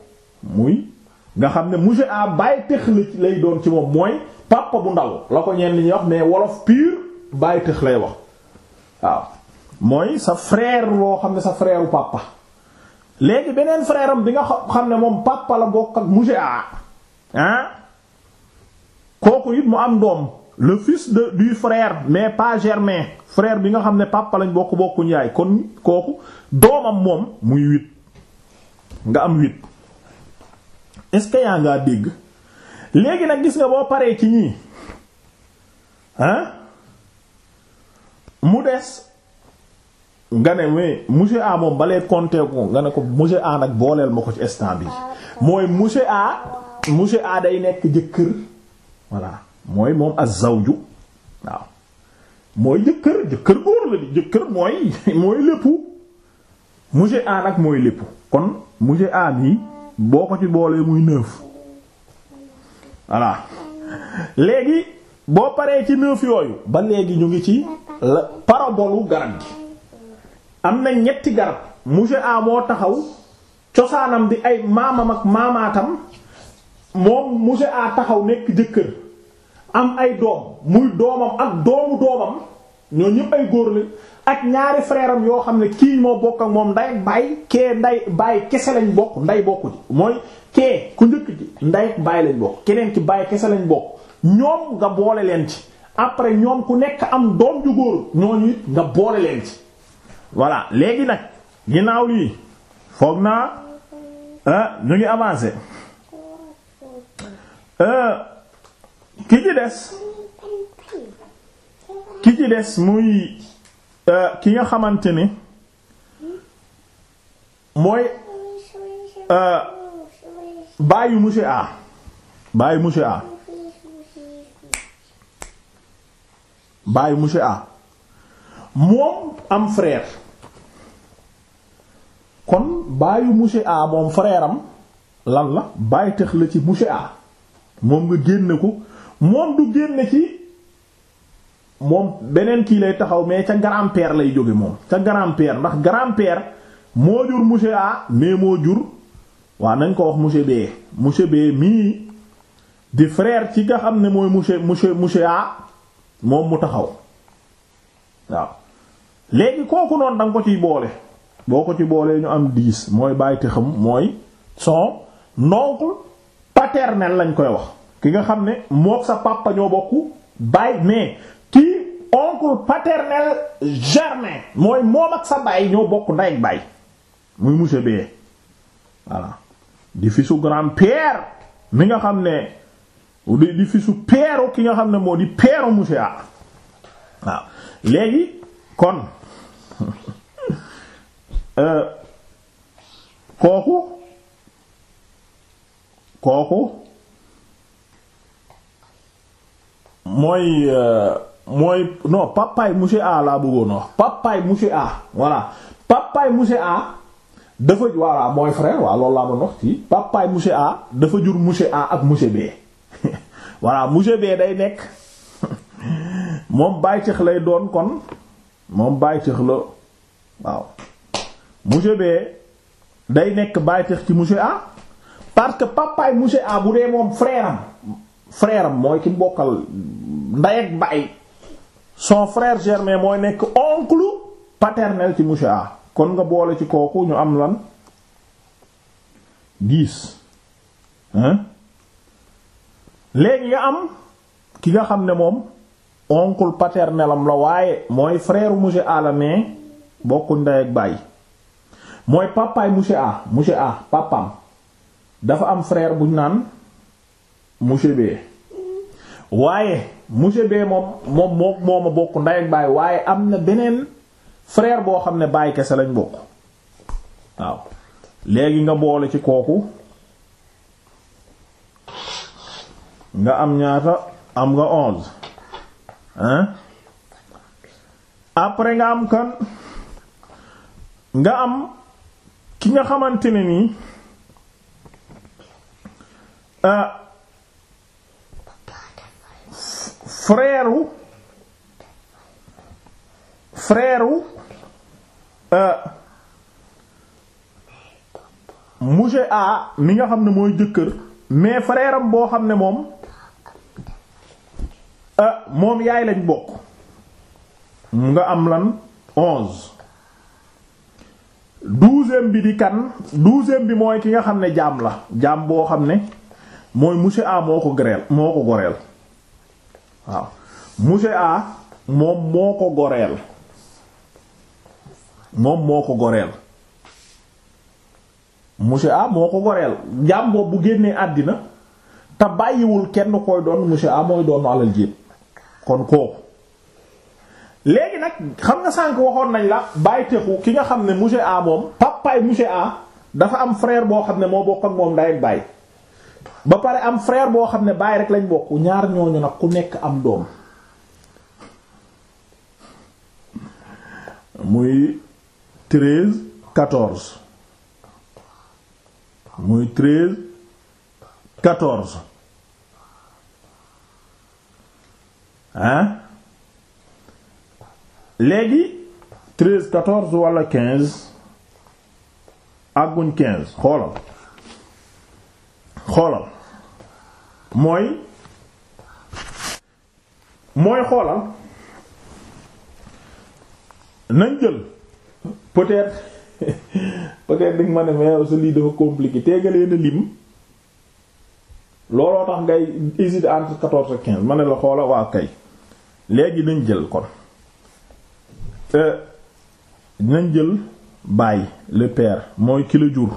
muy nga xam ne monsieur a baay tëx lay doon ci moom mooy papa bu ndaw la ko ñenn ñi wax mais wolof pur baay tëx lay wax waaw mooy sa frère boo xam ne sa frère papa léegi beneen frère bi nga xam ne moom papa la bokk ak monsieur kooku it mu am doom le fils de du frère mais pas germain frère bi nga xam ne papa lañ bokk bokkuñ yaay kon kooku doomam moom muy wit nga am wit est-ce que yaa ngaa dégg léegi nag gis nga boo paree ci ñii hein mu des nga ne mais monsieur A moom balee compter ko nga ne ko monsieur A nag booleel ma ko ci instant bi mooy monsieur A monsieur A day nekk jëkkër voilà mooy moom az-zawju waaw mooy jëkkër jëkkër góor la di jëkkër mooy mooy lépp mujje aan ak mooy lépp kon mujje aan yi boo ko ci boolee muy neuf voilà léegi boo paree ci neuf yooyu ba léegi ñu ngi ci la parabolu garab gi am na ñetti garab mujje aan moo taxaw cosaanam di ay maamam ak maamaatam moom mujje taxaw nekk jëkkër am ay doom muy doomam ak doomu doomam ñoo ñëpp ay góor la ak ñaari frère yoo xam ne kii moo bokk ak moom nday ak baay kee nday baay kese lañ bokk nday bokku ci mooy kee ku njëkk ci nday ak baay lañ bokk keneen ki baay kese lañ bokk ñoom nga boole leen ci après ñoom ku nekk am doom ju góor ñooñu it nga boole leen ci voilà léegi nag ginnaaw lii foog naa euh, ñu ngi avancé euh, ki ci des ki ci des muy euh, ki nga xamante ni mooy euh, baayu monsieur A baayu monsieur A baayu monsieur moom am frère kon baayu monsieur A moom frère am lan la bàyyi tax la ci monsieur moom nga génne ko. moom du génne ci moom beneen kii lay taxaw mais ca grand-père lay jóge moom ca grand-père ndax grand-père moo jur monsieur A mais moo jur waa nañ ko wax monsieur B monsieur B mii di frère ci nga xam ne mooy monsieur monsieur monsieur A moom mu taxaw waaw léegi kooku noonu da nga ko ciy boole boo ko ci boolee ñu am dix mooy bàyyite xam mooy son oncle paternel lañ koy wax ki nga xam ne mook sa papa ñoo bokk baay mais kii oncle paternel germain mooy moom ak sa baay ñoo bokk ndey ak baay muy monsieur B voilà di fi su grand-père mi nga xam ne di fi su père ki nga xam ne moo di père monsieur A waaw léegi kon euh, kooku kooku mooy euh, mooy non papaay monsieur A laa bëggoon wax papaay monsieur A voilà papaay monsieur A dafa mooy frère waaw loolu laa ma wax jur monsieur A ak monsieur B voilà monsieur B day nekk moom bàyyi lay doon kon moom bàyyi la waaw monsieur B day nekk bàyyi ci monsieur A parce que papaay monsieur A bu dee moom frère frère am mooy ki bokkal nday ak baay son frère germain mooy nekk oncle paternel ci monsieur kon nga boole ci kooku ñu am lan dix hein nga am ki nga xam ne moom oncle paternel la waaye mooy frère monsieur A la mais bokkuñ ndey ak baay mooy papaay monsieur A monsieur A papam dafa am frère buñ naan monsieur B waaye monsieur B moom moom moom moo ma bokk ndey ak baay waaye am na beneen frère boo xam ne baay kese lañ bokk waaw léegi nga boole ci kooku nga am ñaata am nga onze hein après nga am kan nga am ki nga xamante ne nii ah, frère wu frère wu euh, monsieur mi nga xam ne mooy jëkkër mais frère boo xam ne moom euh, moom yaay lañ bokk nga am lan onze douzième bi di kan douzième bi mooy ki nga xam ne jaam la jaam boo xam ne mooy monsieur A moo ko goreel moo ko goreel waaw monsieur A moom moo ko goreel moom moo ko goreel monsieur A moo ko goreel jaam boobu bu génnee àddina te bàyyiwul kenn koy doon monsieur A mooy doon alal jéem kon kooku léegi nag xam nga sànq waxoon nañ la bàyyi texu ki nga xam ne monsieur A moom papaay monsieur A dafa am freer boo xam ne moo bokk ak moom day bàyyi. ba pare am frère boo xam ne baay rek lañ bokk ñaar ñooñu nag ku nekk am doom muy treize quatorze muy treize quatorze hein léegi treize quatorze wala quinze àgguñ quinze xoolal xoolal mooy mooy xoolal nañ jël peut-être peut-être dañ ma ne mais sa lii dafa compliqué teegalee na lim looloo tax ngay hésiter entre quatorze quinze ma ne la xoola waa kay léegi nañ jël kon euh, nañ jël baay le père mooy kilo la jur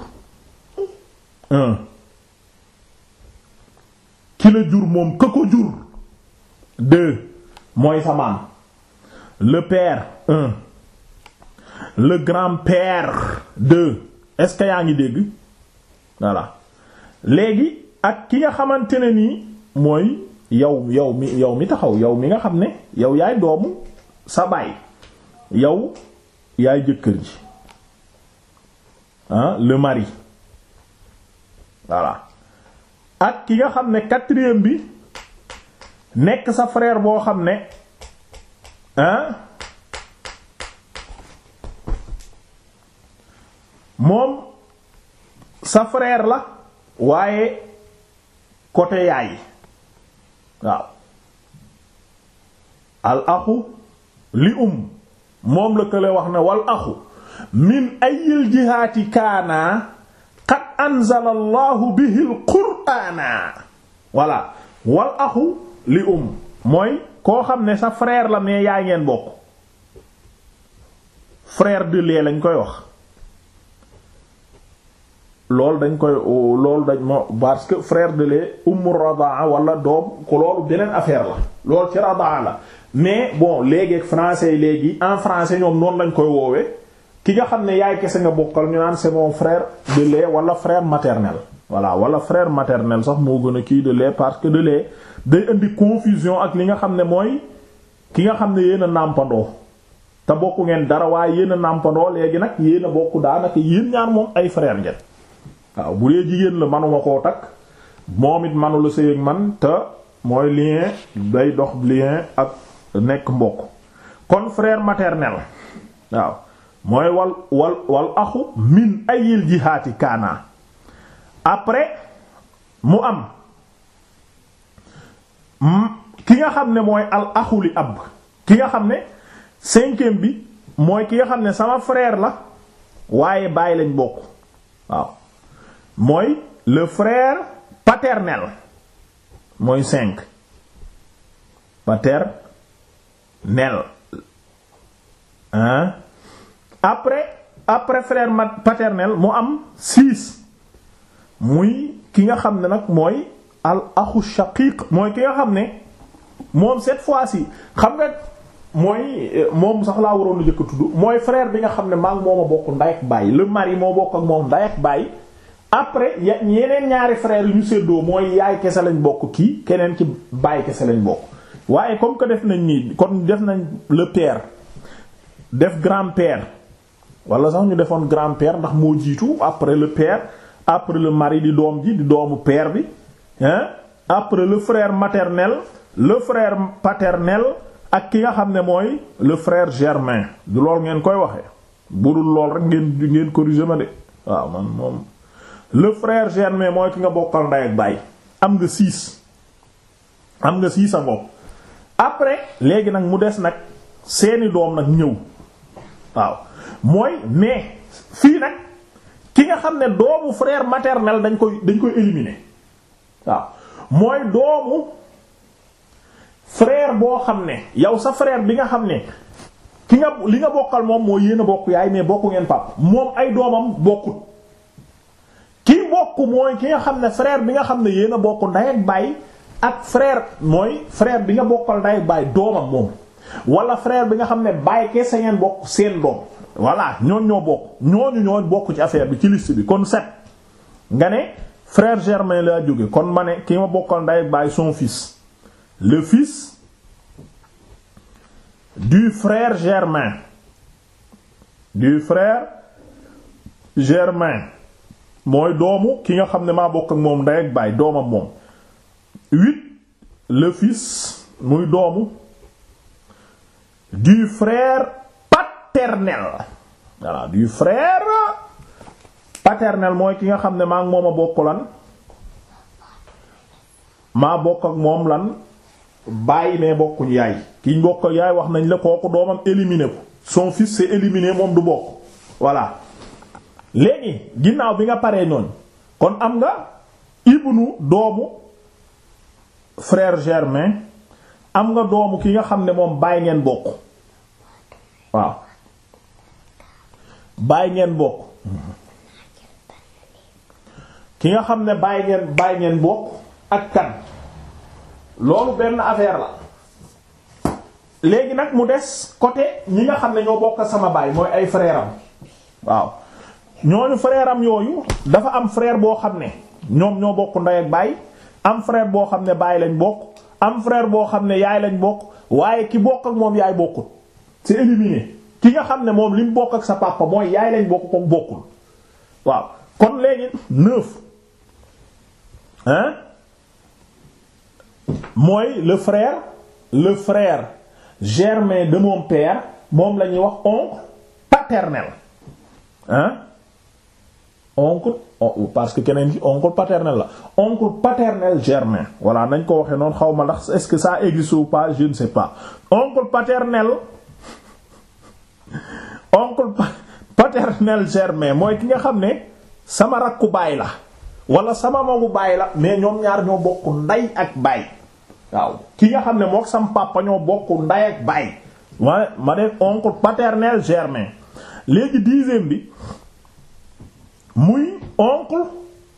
un ki la jur moom ka ko jur deux mooy sa maam le père un le grand-père deux est yaa ngi dégg voilà léegi ak ki nga xamante ne nii mooy yow yow mi taxaw yow mi nga xam ne yow yaay doomu sa baay yow yaay jëkkër ji ah le mari ak ki nga xam ne quatrième bi nekk sa frère boo xam ne hein moom sa frère la waaye côté yaay waaw al axu li um moom la kële wax na wal axu min ayil jihaati kaanaa anzala allahu bihi alqur'ana voilà wal axu li um mooy koo xam ne sa frère la mais yaa ngeen bokk frère de lait lañ koy wax loolu dañ koy lool dañ mo parce que frère de lait ummu radaa wala doom ko loolu beneen affaire la lool ci radaa la mais bon léegi ak français léegi en français ñoom noonu lañ koy woowee ki nga xam ne yaay kese nga bokkal ñu naan c'est mon frère de lait wala frère maternel voilà wala frère maternel sax moo gën a kii de lait parce que de lait day indi confusion ak li nga xam ne mooy ki nga xam ne yéen a nàmpandoo te bokku ngeen dara waaye yéen a nàmpandoo léegi nag yéen a bokk daanaka yéen ñaar moom ay frère ngeen waaw bu dee jigéen la manuma koo takk moom it manula sëy ak man te mooy lien day dox lien ak nekk mbokk kon frère maternel mooy wal wal wal axu min ayil jihaati kaana après mu am ki nga xam ne mooy al axu ab ki nga xam ne cinquième bi mooy ki nga xam ne sama frère la waaye bàyyi lañ bokk waaw mooy le frère paternel mooy cinq paternel hein après après frère paternel mu am six muy ki nga xam ne nag mooy al axu shaqiq mooy ki nga xam ne moom cette fois yi xam nga mooy eh, moom sax laa waroon a jëkk tudd mooy frère bi nga xam ne maag moo ma bokk nday ak baay le mari moo bokk ak moom nday ak baay après yeneen ñaari frère yu ñu séddoo mooy yaay kese lañ bokk kii keneen ki baay kese lañ bokk waaye comme que def nañ nii kon def nañ le père def grand-père wala sax ñu defoon grand-père ndax moo jiitu après le père après le mari di doom ji di doomu père bi hein après le frère maternel le frère paternel ak ki nga xam ne mooy le frère germain du lool ngeen koy waxee budul lool rek ngeen ngeen corriger ma de waaw man moom le frère germain mooy ki nga bokkal ndey ak baay am nga six am nga six sa bopp après léegi nag mu des nag seeni doom nag ñëw waaw mooy mais fii nag ki nga xam ne doomu frère maternel dañ koy dañ koy éliminer waaw mooy doomu frère boo xam ne yow sa frère bi nga xam ne ki nga li nga bokkal moom moo yéen a bokk yaay mais bokku ngeen pap moom ay doomam bokkut ki bokk mooy ki nga xam ne frère bi nga xam ne yéen a bokk ndey ak baay ak frère mooy frère bi nga bokkal ndey ak baay doomam moom wala frère bi nga xam ne baay kese ngeen bokk seen doom voilà ñooñ ñoo bokk ñooñu ñoo bokk ci affaire bi ci liste bi kon set nga ne frère germain laa jóge kon ma ne ki ma bokkal nday bàyyi son fils le du frère germain du frère germain mooy doomu ki nga xam ne maa bokk ak moom nday ak baay doomam moom huit le muy doomu du frère paternel voilà du frère paternel mooy ki nga xam ne maa ngi moom a bokk lan ma bokk ak moom lan bàyyi mais bokkuñ yaay kiñ bokk ak yaay wax nañ la kooku doomam éliminé ko son fils c'est éliminé moom du bokk voilà léegi ginnaaw bi nga paree noonu kon am nga ibnu doomu frère germain am nga doomu ki nga xam ne moom bàyyi ngeen bokk waaw bàyyi ngeen bokk ki nga xam ne bàyyi ngeen bàyyi ngeen bokk ak kan loolu benn affaire la léegi nag mu des côté ñi nga xam ne ñoo bokk sama baay mooy ay frère waaw ñooñu frère yooyu dafa am frère boo xam ne ñoom ñoo bokk ndey ak baay am frère boo xam ne bàyyi lañ bokk am frère boo xam ne yaay lañ bokk waaye ki bokk ak moom yaay bokkut c'est éliminé ki nga xam ne moom li bokk ak sa papa mooy yaay lañ bokk ko bokkul waaw kon léegi neuf hein mooy le frère le frère germain de mon père moom la ñuy wax oncle paternel hein oncle parce que keneen ki oncle paternel la oncle paternel germain voilà nañ ko waxee noonu xaw ma ndax est-ce que ça existe ou pas je ne sais pas oncle paternel oncle paternel germain mooy ki nga xam ne sama rakku baay la walla sama magu baay la mais ñoom ñaar ñoo bokk nday ak baay waaw ki nga xam ne mook sam papa ñoo bokk nday ak baay waaye ma ne oncle paternel germain léegi dixième bi muy oncle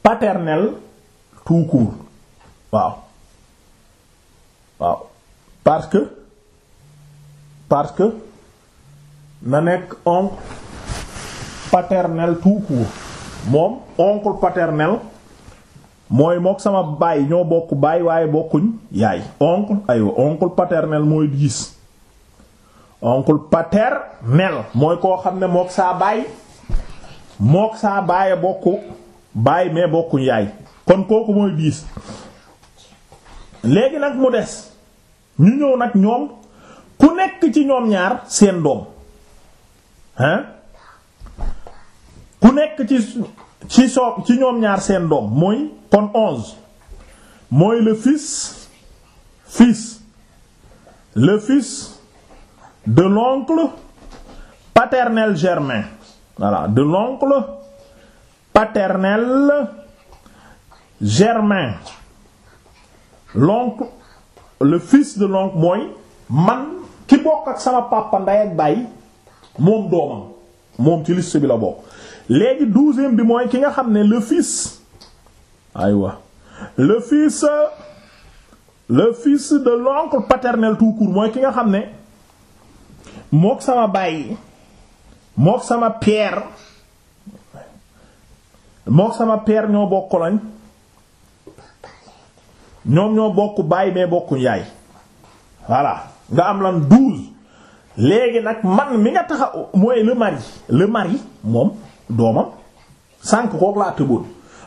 paternel tout court waaw parce que parce que na nekk oncle paternel tout court moom oncle paternel mooy mook sama baay ñoo bokk baay waaye bokkuñ yaay oncle aywa oncle paternel mooy dix oncle paternel mooy koo xam ne mook saa baay mook saa baay bokku baay mais bokkuñ yaay kon kooku mooy dix léegi nag mu des ñu ñëw nag ñoom ku nekk ci ñoom ñaar seen doom hein ku nekk ci ci soo ci ñoom ñaar seen doom mooy kon onze mooy le fils fils le fils de l'oncle paternel germain voilà de l'oncle paternel germain l'oncle le de l'oncle mooy man ki bokk ak sama papa ak baay moom doomam moom ci liste bi la bokk léegi douzième bi mooy ki nga xam ne le fils aywa le fils le fils de l'oncle paternel tout court mooy ki nga xam ne mook sama bàyyi mook sama père mook sama père ñoo bokk lañ ñoom ñoo bokk bàyyi mais bokkuñ yaay voilà nga am lan douze léegi nag man mi nga taxa mooy le mari le mari moom doomam sànq kooku laa tëboon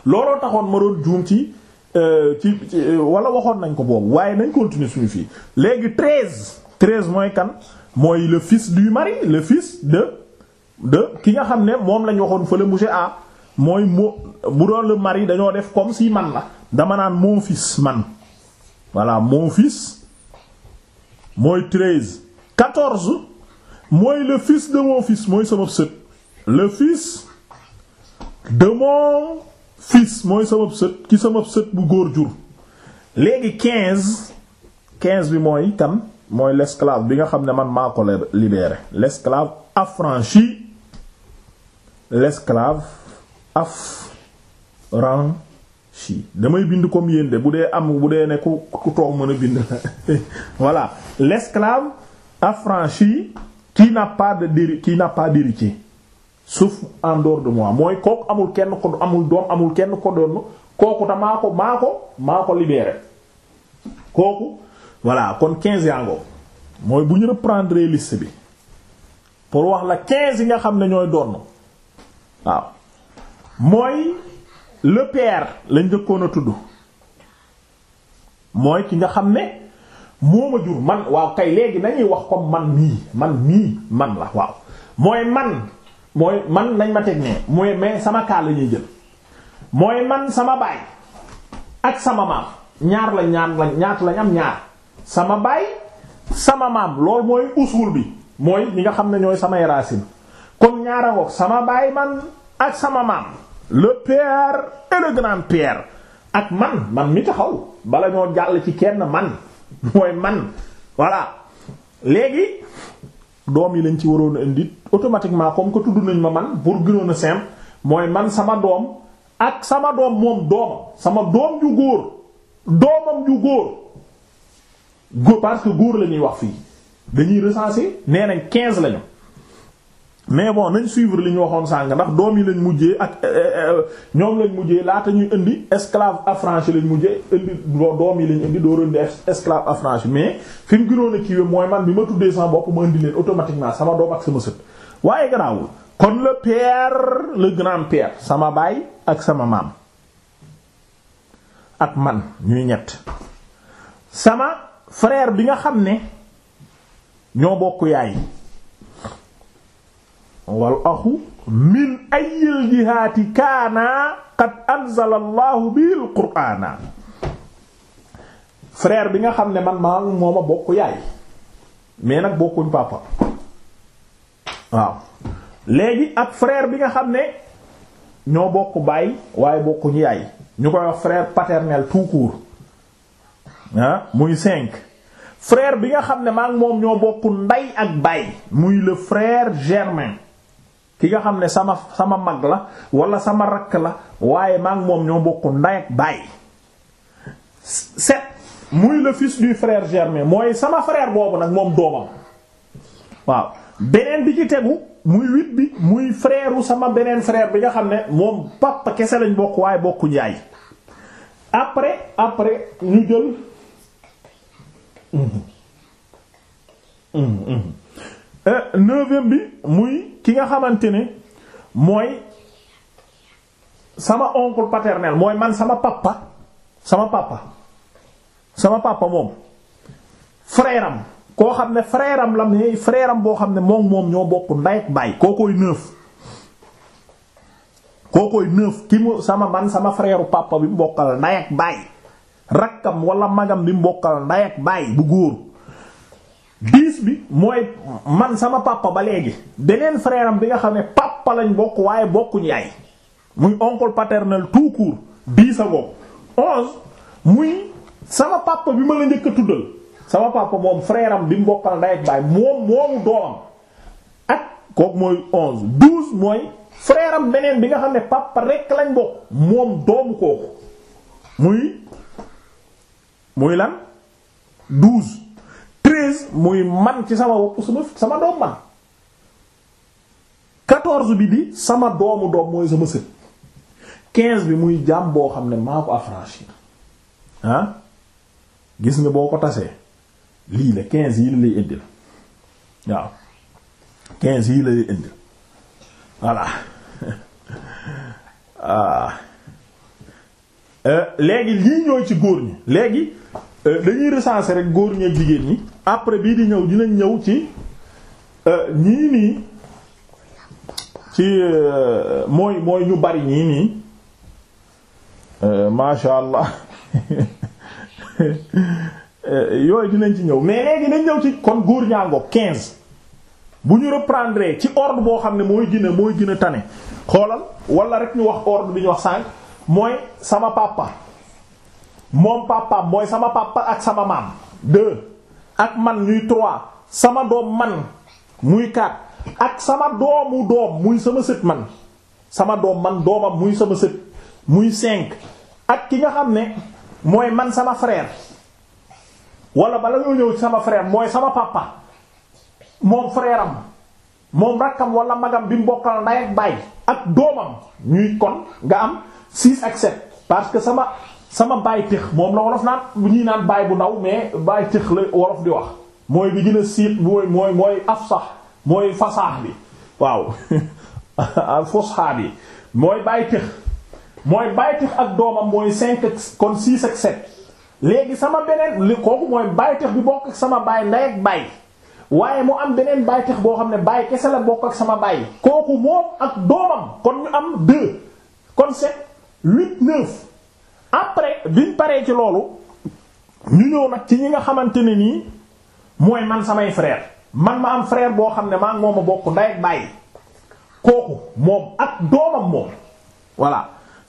looloo taxoon ma doon juum euh, ci ci wala waxoon nañ ko boobu waaye nañ continuer suñu fii léegi treize treize mooy kan mooy le fils du mari le fils de de ki nga xam ne moom lañ waxoon fële monsieur A mooy moo bu doon le mari dañoo def comme si man la dama naan mon fils man voilà mon fils mooy treize quatorze mooy le fils de mon fils mooy sama sët le fils de mon fils mooy sama sët ki sama sët bu góor jur léegi quinze quinze bi mooy kan mooy l'esclave bi nga xam ne man maa ko libéré l'esclave affranchi l'esclave affranchi damay bind comme yéen de bu dee am bu dee ne ku ku toog mën a bind voilà l'esclave affranchi qui n'a pas de qui n'a pas d'héritier sauf en dehors de moi mooy kooku amul kenn ko amul doom amul kenn ko doon kooku ta maa ko maa ko maa ko libéré kooku voilà kon 15 yango mooy bu ñu prendre liste bi pour wax la 15 yi nga xam ne ñooy doon waaw mooy le père lañ njëkkoon a tudd mooy ki nga xam ne moo ma jur man waaw kay léegi nañuy wax comme man mii man mii man la waaw mooy man mooy man nañ ma teg ne mooy mais sama kaal la ñuy jël mooy man sama baay ak sama maam ñaar lañ ñaar la ñaat lañ am ñaar sama baay sama maam loolu mooy usul bi mooy ñi nga xam ne ñooy sama racines kon ñaara woog sama baay man ak sama maam le père et grand père ak man man mi taxaw bala ñoo jàll ci kenn man mooy man voilà léegi doom yi lañ ci waroon a indi automatiquement comme que tudd nañu ma man pour gënoon a simple mooy man sama doom ak sama doom moom doomam sama doom ju góor doomam ju góor góor parce que góor la ñuy wax fii dañuy recenser nee nañ quinze lañu mais bon nañ suivre li ñu waxoon sàng ndax doom yi lañ mujjee ak eh, eh, eh, ñoom lañ mujjee laata ñuy indi esclave affranchi lañ mujjee indi doom yi lañ indi door indi esclave affranchi mais fi mu gënoon a kiiwee mooy man bi ma tuddee sama bopp ma indi leen automatiquement sama doom ak sama sët waaye garaawul kon le père le grand père sama baay ak sama maam ak man ñuy ñett sama frère bi nga xam ne ñoo bokk yaay. wal axu min ayil jihaati kaana qad anzala allahu bil qur'aana frère bi nga xam ne man maa moom a bokk yaay mais nag bokkuñ papa waaw léegi ak frère bi nga xam ne ñoo bokk baay waaye bokkuñu yaay ñu koy wax frère paternel tout ah, muy cinq frère bi nga xam ne maa moom ñoo bokk ndey ak baay muy le frère germain ki nga xam ne sama sama mag la walla sama rakk la waaye maak moom ñoo bokk nday ak baay set muy le fils du frère germain mooy sama frère boobu nag moom doomam waaw beneen bi ci tegu muy huit bi muy frère sama beneen frère bi nga xam ne moom papa kese lañ bokk waaye bokku njaay après après ñu jël. Euh, neuvième bi muy ki nga xamante ni mooy sama oncle paternel mooy man sama papa sama papa sama papa moom frère koo xam ne frère la mais frère am boo xam ne moom moom ñoo bokk ndey ak baay kookoy neuf kookoy neuf ki mu sama man sama frère papa bi mbokkal ndey ak baay rakkam wala magam bi mbokkal ndey ak baay bu góor diis bi mooy man sama papa ba léegi beneen frère bi nga xam ne papa lañ bokk waaye bokkuñ yaay muy oncle paternel tout court diis a bokk onze muy sama papa bi ma la njëkk a tuddal sama papa moom frère bi mu bokkal ndey ak baay moom moomu doomam ak kooku mooy onze douze mooy frère beneen bi nga xam ne papa rek lañ bokk moom doomu kooku muy muy lan douze treize muy man ci sama wopp sama sama doom man quatorze bi di sama doomu doom mooy sama sët quinze bi muy jaam boo xam ne maa ko affranchir ah gis nga boo ko tasee lii la quinze yi la lay indil waaw quinze yi lay indil voilà ah. euh, léegi lii ñooy ci góor ñi léegi Euh, dañuy recenser rek góor ñeeg jigéen ñi après bii di ñëw dinañ ñëw ci euh, ñii nii ci euh, mooy mooy ñu bari ñii nii masha Allah yooyu dinañ ci ñëw mais léegi dinañ ñëw ci kon góor ñaango quinze bu ñu reprendre ci ordre boo xam ne mooy gën a mooy gën a tane xoolal wala rek ñu wax ordre bi ñu wax sànq mooy sama papa. moom papa mooy sama papa ak sama maam deux ak man ñuy trois sama doom man muy quatre ak sama doomu doom muy sama sët man sama doom man doomam muy sama sët muy cinq ak ki nga xam ne mooy man sama frère wala bala ñoo ñëw sama frère mooy sama papa moom frère am moom rakkam wala magam bi mbokkal nday ak baay ak doomam ñuy kon nga am six ak sept parce que sama sama baay tëx moom la wolof naan bu ñuy naan baay bu ndaw mais baay tëx la wolof di wax mooy bi gën a siit mooy mooy mooy af sax mooy fasaax bi waaw fosxaa bi mooy baay tëx mooy baay tëx ak doomam mooy cinq kon six ak sept léegi sama beneen li kooku mooy baay tëx bi bokk ak sama baay ndey ak baay waaye mu am beneen baay tëx boo xam ne baay kese la bokk ak sama baay kooku moom ak doomam kon ñu am deux kon c'est huit après biñ paree ci loolu ñu ñëw nag ci ñi nga xamante ne nii mooy man samay frair man ma am frère boo xam ne maa ngi moom a bokk ndey ak baay kooku moom ak doomam moom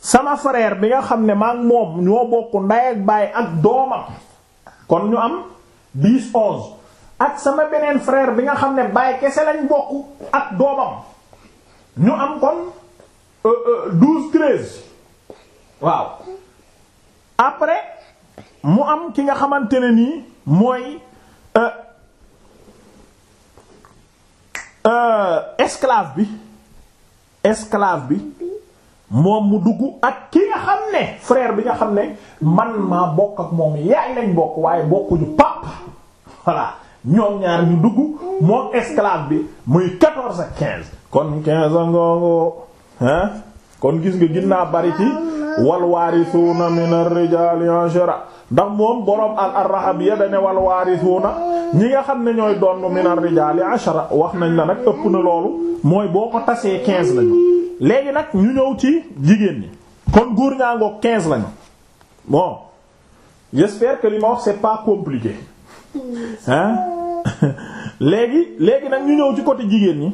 sama frère bi nga xam ne maa bokk ndey baay ak doomam kon ñu am dix onze ak sama beneen frère bi nga xam ne baay lañ bokk ak doomam ñu am kon euh, euh, douze waaw après mu am ki nga xamante ne nii mooy euh, euh, esclave bi esclave bi moom mu dugg ak ki nga xam ne frère bi nga xam ne man maa bokk ak moom yaay lañ bokk waaye bokkuñu pàpp voilà ñoom ñaar ñu dugg moom esclave bi muy quatorze ak quinze kon quinze a ngoongo hein kon gis nga ginnaa bari ci walwaarisuuna min ar-rijaali ashara ndax moom boroom al arrahab ya dane walwaarisuuna ñi nga xam ne ñooy doon min ar-rijaali wax nañ la nag ëpp na loolu mooy boo ko tasee quinze lañu léegi nag ñu ñëw ci jigéen ñi kon góor ñaa ngoog quinze lañu bon j'espère que li ma wax c'est pas compliqué léegi léegi nag ñu ñëw ci côté jigéen ñi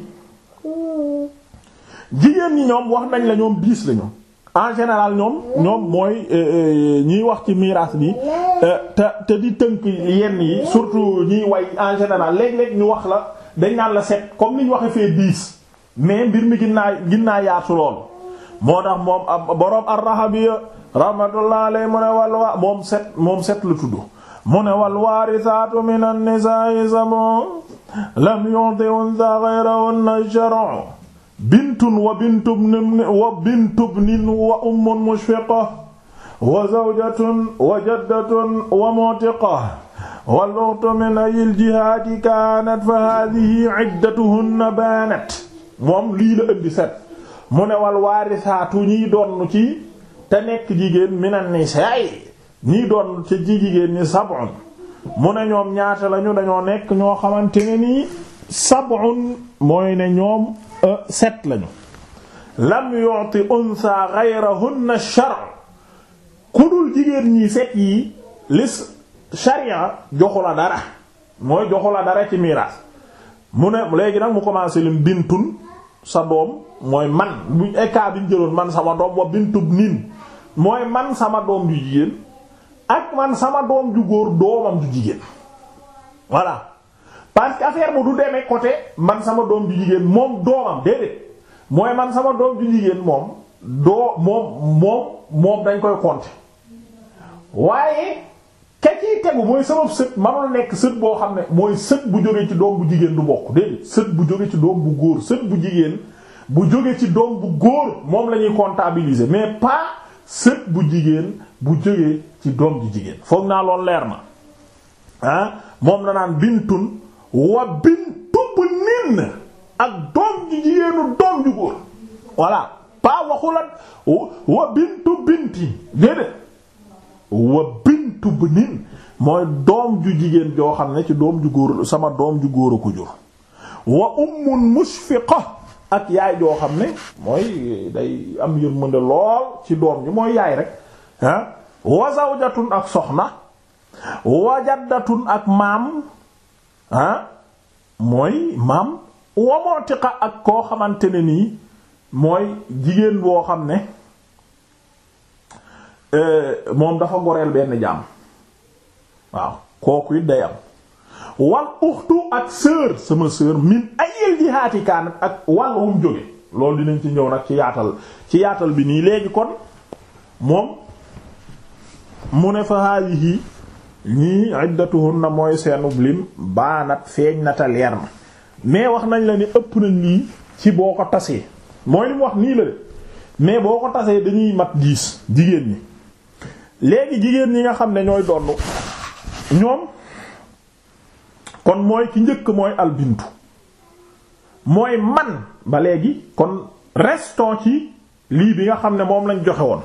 jigéen ñi ñoom wax nañ la ñoom dix la ñu en général ñoom ñoom mooy euh, euh, ñuy wax ci miraas bi euh, te te di tënk yenn yi surtout ñiy way en général léeg-léeg ñu wax la dañ naan la set comme ni ñu waxee fee dix mais mbir mi ginnaa ginnaa yaatu lool moo tax moom ab boroom ar-Rahabi rahmatullah alayhi mu ne walwa moom sept moom sept la tudd mu ne wal waarithaatu min an-nisaa'i sab'un lam yu'ti untha ghayrahunna shar'un bintun wa bintubni wa bintubnin wa ummun mushfiqa wa zawjatun wa jaddatun wa mu'tiqa wal ukhtu min ayil jihaadi kaanat fa haadihi iddatuhunna baanat moom lii la ëndi set mu ne wal waarisaatu ñiy doon ci te nekk jigéen minan nisaay ñiy doon ci jigéen ñi sab'un mu ne ñoom ñaata lañu dañoo nekk ñoo xamante ne nii sab'un mooy ne ñoom sept lañu lam yu'ti unsa ghayrahunna shar ku dul jigéen ñi set yi lis sharia joxu la dara mooy joxu la dara ci miraas mu ne léegi nag mu commencé lim bintul sa doom mooy man bu eka bi jëloon man sama doom wa bintub nin mooy man sama doom ju jigéen ak man sama doom ju góor doomam ju jigéen voilà parce que affaire bu du demee côté man sama doom ju jigéen moom doomam déedéet mooy man sama doom ju jigéen moom doo moom moom moom dañ koy compter waaye ke ciy tegu mooy sama sët manul nekk sët boo xam ne mooy sët bu jóge ci doom bu jigéen du bokk déedéet sët bu jóge ci doom bu góor sët bu jigéen bu jóge ci doom bu góor moom lañuy ñuy mais pas sët bu jigéen bu jóge ci doom bu jigéen foog naa loolu leer ma ah moom la naan bintun wa bintu ibnin ak doom ju jigéenu doom ju góor voilà pas waxulat wa bintu binti déedéet wa bintu ibnin mooy doom ju jigéen joo xam ne ci doom ju góor sama doom ju góor a ko jur wa ummun mushfiqa ak yaay joo xam ne mooy day am yërmande lool ci doom ji mooy yaay rek ah wa zawjatun ak soxna wa jaddatun ak maam ah mooy maam wamotiqa ak koo xamante ne nii mooy jigéen boo xam ne euh, moom dafa goreel benn jàmm waaw kooku it day am wal uxtu ak sœur sama sœur min ayil jihaati kaanat ak wàllum jóge loolu dinañ ci ñëw nag ci yaatal ci yaatal bi nii léegi kon moom mu ne fa haalihi ñii iddatuhunna mooy seenub lim baanat feeñ na ta leer mais wax nañ la ni ëpp nañ lii ci boo ko tasee mooy li mu wax nii la de mais boo ko tasee dañuy mat diis jigéen ñi léegi jigéen ñi nga xam ne ñooy donn ñoom kon mooy ki njëkk mooy albintu mooy man ba léegi kon restons ci lii bi nga xam ne moom lañ joxe woon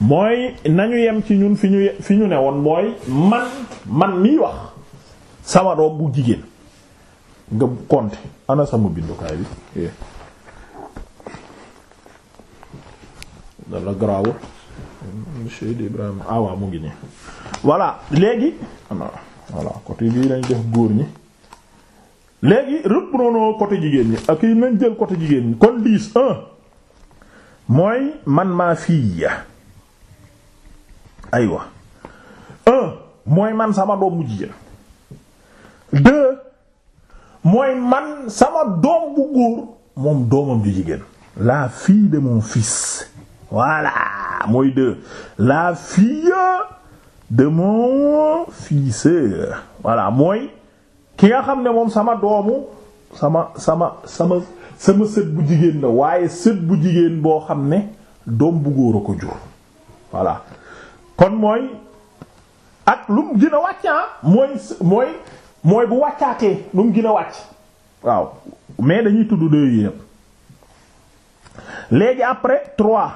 mooy nañu yem ci ñun fi ñu fi ñu ne woon mooy man man wax sama bu jigéen nga compter ana sama bindukaay bi dala monsieur Ibrahima ah, mu ngi nii voilà léegi voilà côté bii lañ def góor ñi léegi reprenons côté jigéen ñi ak yi nañ jël côté jigéen ñi kon diis un mooy man maa fii ya aywa un mooy man sama doom bu jigéen deux mooy man sama doom bu góor moom doomam ju jigéen la fille de mon fils voilà mooy ki nga xam ne moom sama doomu sama sama sama sama sët bu jigéen la waaye sët bu jigéen boo xam ne doom bu góor a ko jur voilà kon mooy ak lu mu gën a ah mooy mooy bu wàccaatee lu mu gën wàcc waaw mais dañuy tudd deux yi léegi après trois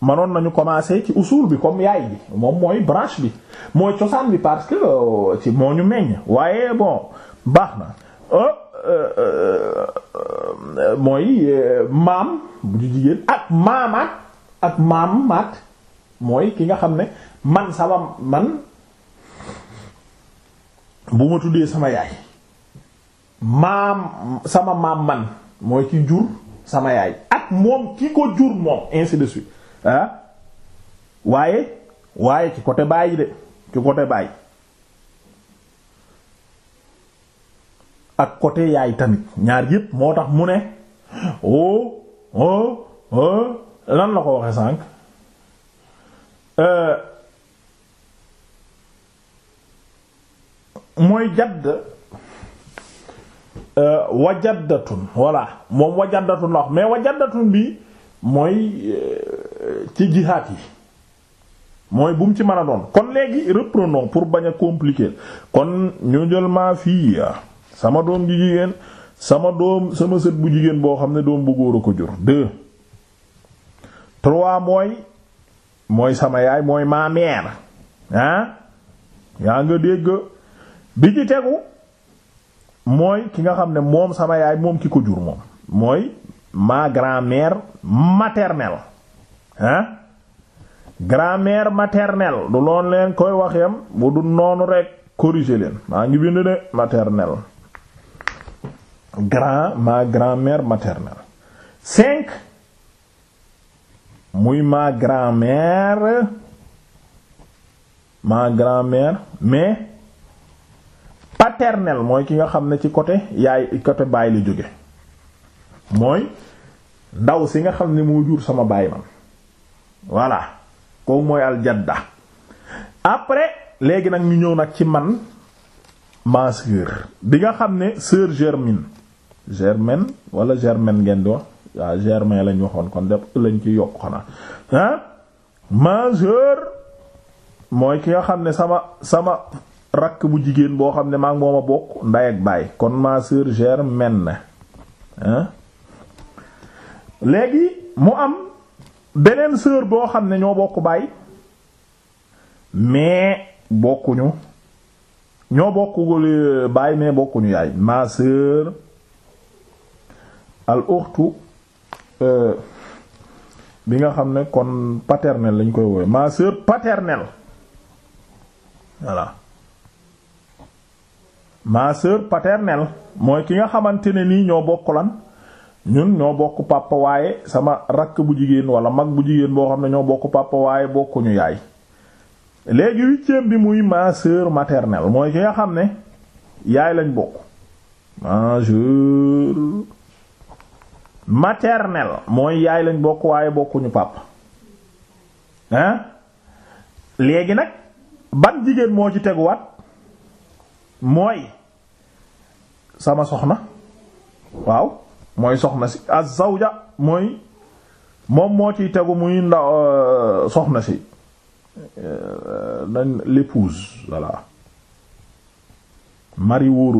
manoon nañu commencer ci usul bi comme yaay bi moom mooy branche bi mooy cosaan bi parce que euh, ci moo ñu meññ waaye bon baax na euh, euh, mooy maam bu jigéen ak maamaat ak maam maag mooy ki nga xam ne man sama man bu ma tuddee sama yaay maam sama maam man mooy ki jur sama yaay ak moom ki ko jur moom ainsi de suite ah waaye waaye ci côté bàyyi de ci côté bàyyi ak côté yaay tamit ñaar yépp moo tax mu ne oh oh oh lan la ko waxe sànq euh, mooy jadd euh, wajaddatun voilà moom wajaddatun la wax mais wajaddatun bi mooy euh, ci jihaat yi mooy bu mu ci mën a doon kon léegi reprenons pour bañ a compliquer kon ñu jël maa fii sama doom ji jigéen sama doom sama sët bu jigéen boo xam ne doom bu góor a ko jur trois mooy mooy sama yaay mooy ma mère ah yaa nga dégg bi ci tegu mooy ki nga xam ne moom sama yaay moom ki ko jur moom mooy ma grand-mère maternelle ah grand-mère maternelle du loon leen koy wax bu du noonu rek corriger leen maa ngi bind de maternelle grand ma grand-mère maternelle cinq muy ma grand-mère ma grand-mère mais paternelle mooy ki nga xam ne ci côté yaay côté baay lu jóge mooy ndaw si nga xam ne moo jur sama baay man voilà kooku mooy aljadda après léegi nag ñu ñëw nag ci man ma sœur bi nga xam ne sœur germaine germaine wala germaine ngeen di waaw germain lañ waxoon kon def lañ ci yokk xanaa ah majeur mooy ki nga xam ne sama sama rakk bu jigéen boo xam ne maa ngi moom a bokk nday ak baay kon ma sœur germaine hein léegi mu am beneen sœur boo xam ne ñoo bokk baay mais bokkuñu ñoo bokk baay mais bokkuñu yaay ma al ukhtu Euh, bi nga xam ne kon paternelle lañ koy woowe ma sœur paternelle voilà ma sœur mooy ki nga xamante ne nii ñoo bokk lan ñun ñoo bokk papa sama rakk bu jigéen wala mag bu jigéen boo xam ne ñoo bokk papa waaye bokkuñu yaay léegi huitième bi muy ma sœur mooy ki nga xam ne yaay lañ bokk maternel mooy yaay lañ bokk waaye bokkuñu papa hein léegi nag ban jigéen moo ci teguwaat mooy sama soxna waaw mooy soxna si az-zawja mooy moom moo ciy tegu muy ndaw euh, soxna si euh, euh, nañ l'épouse voilà mari wóoru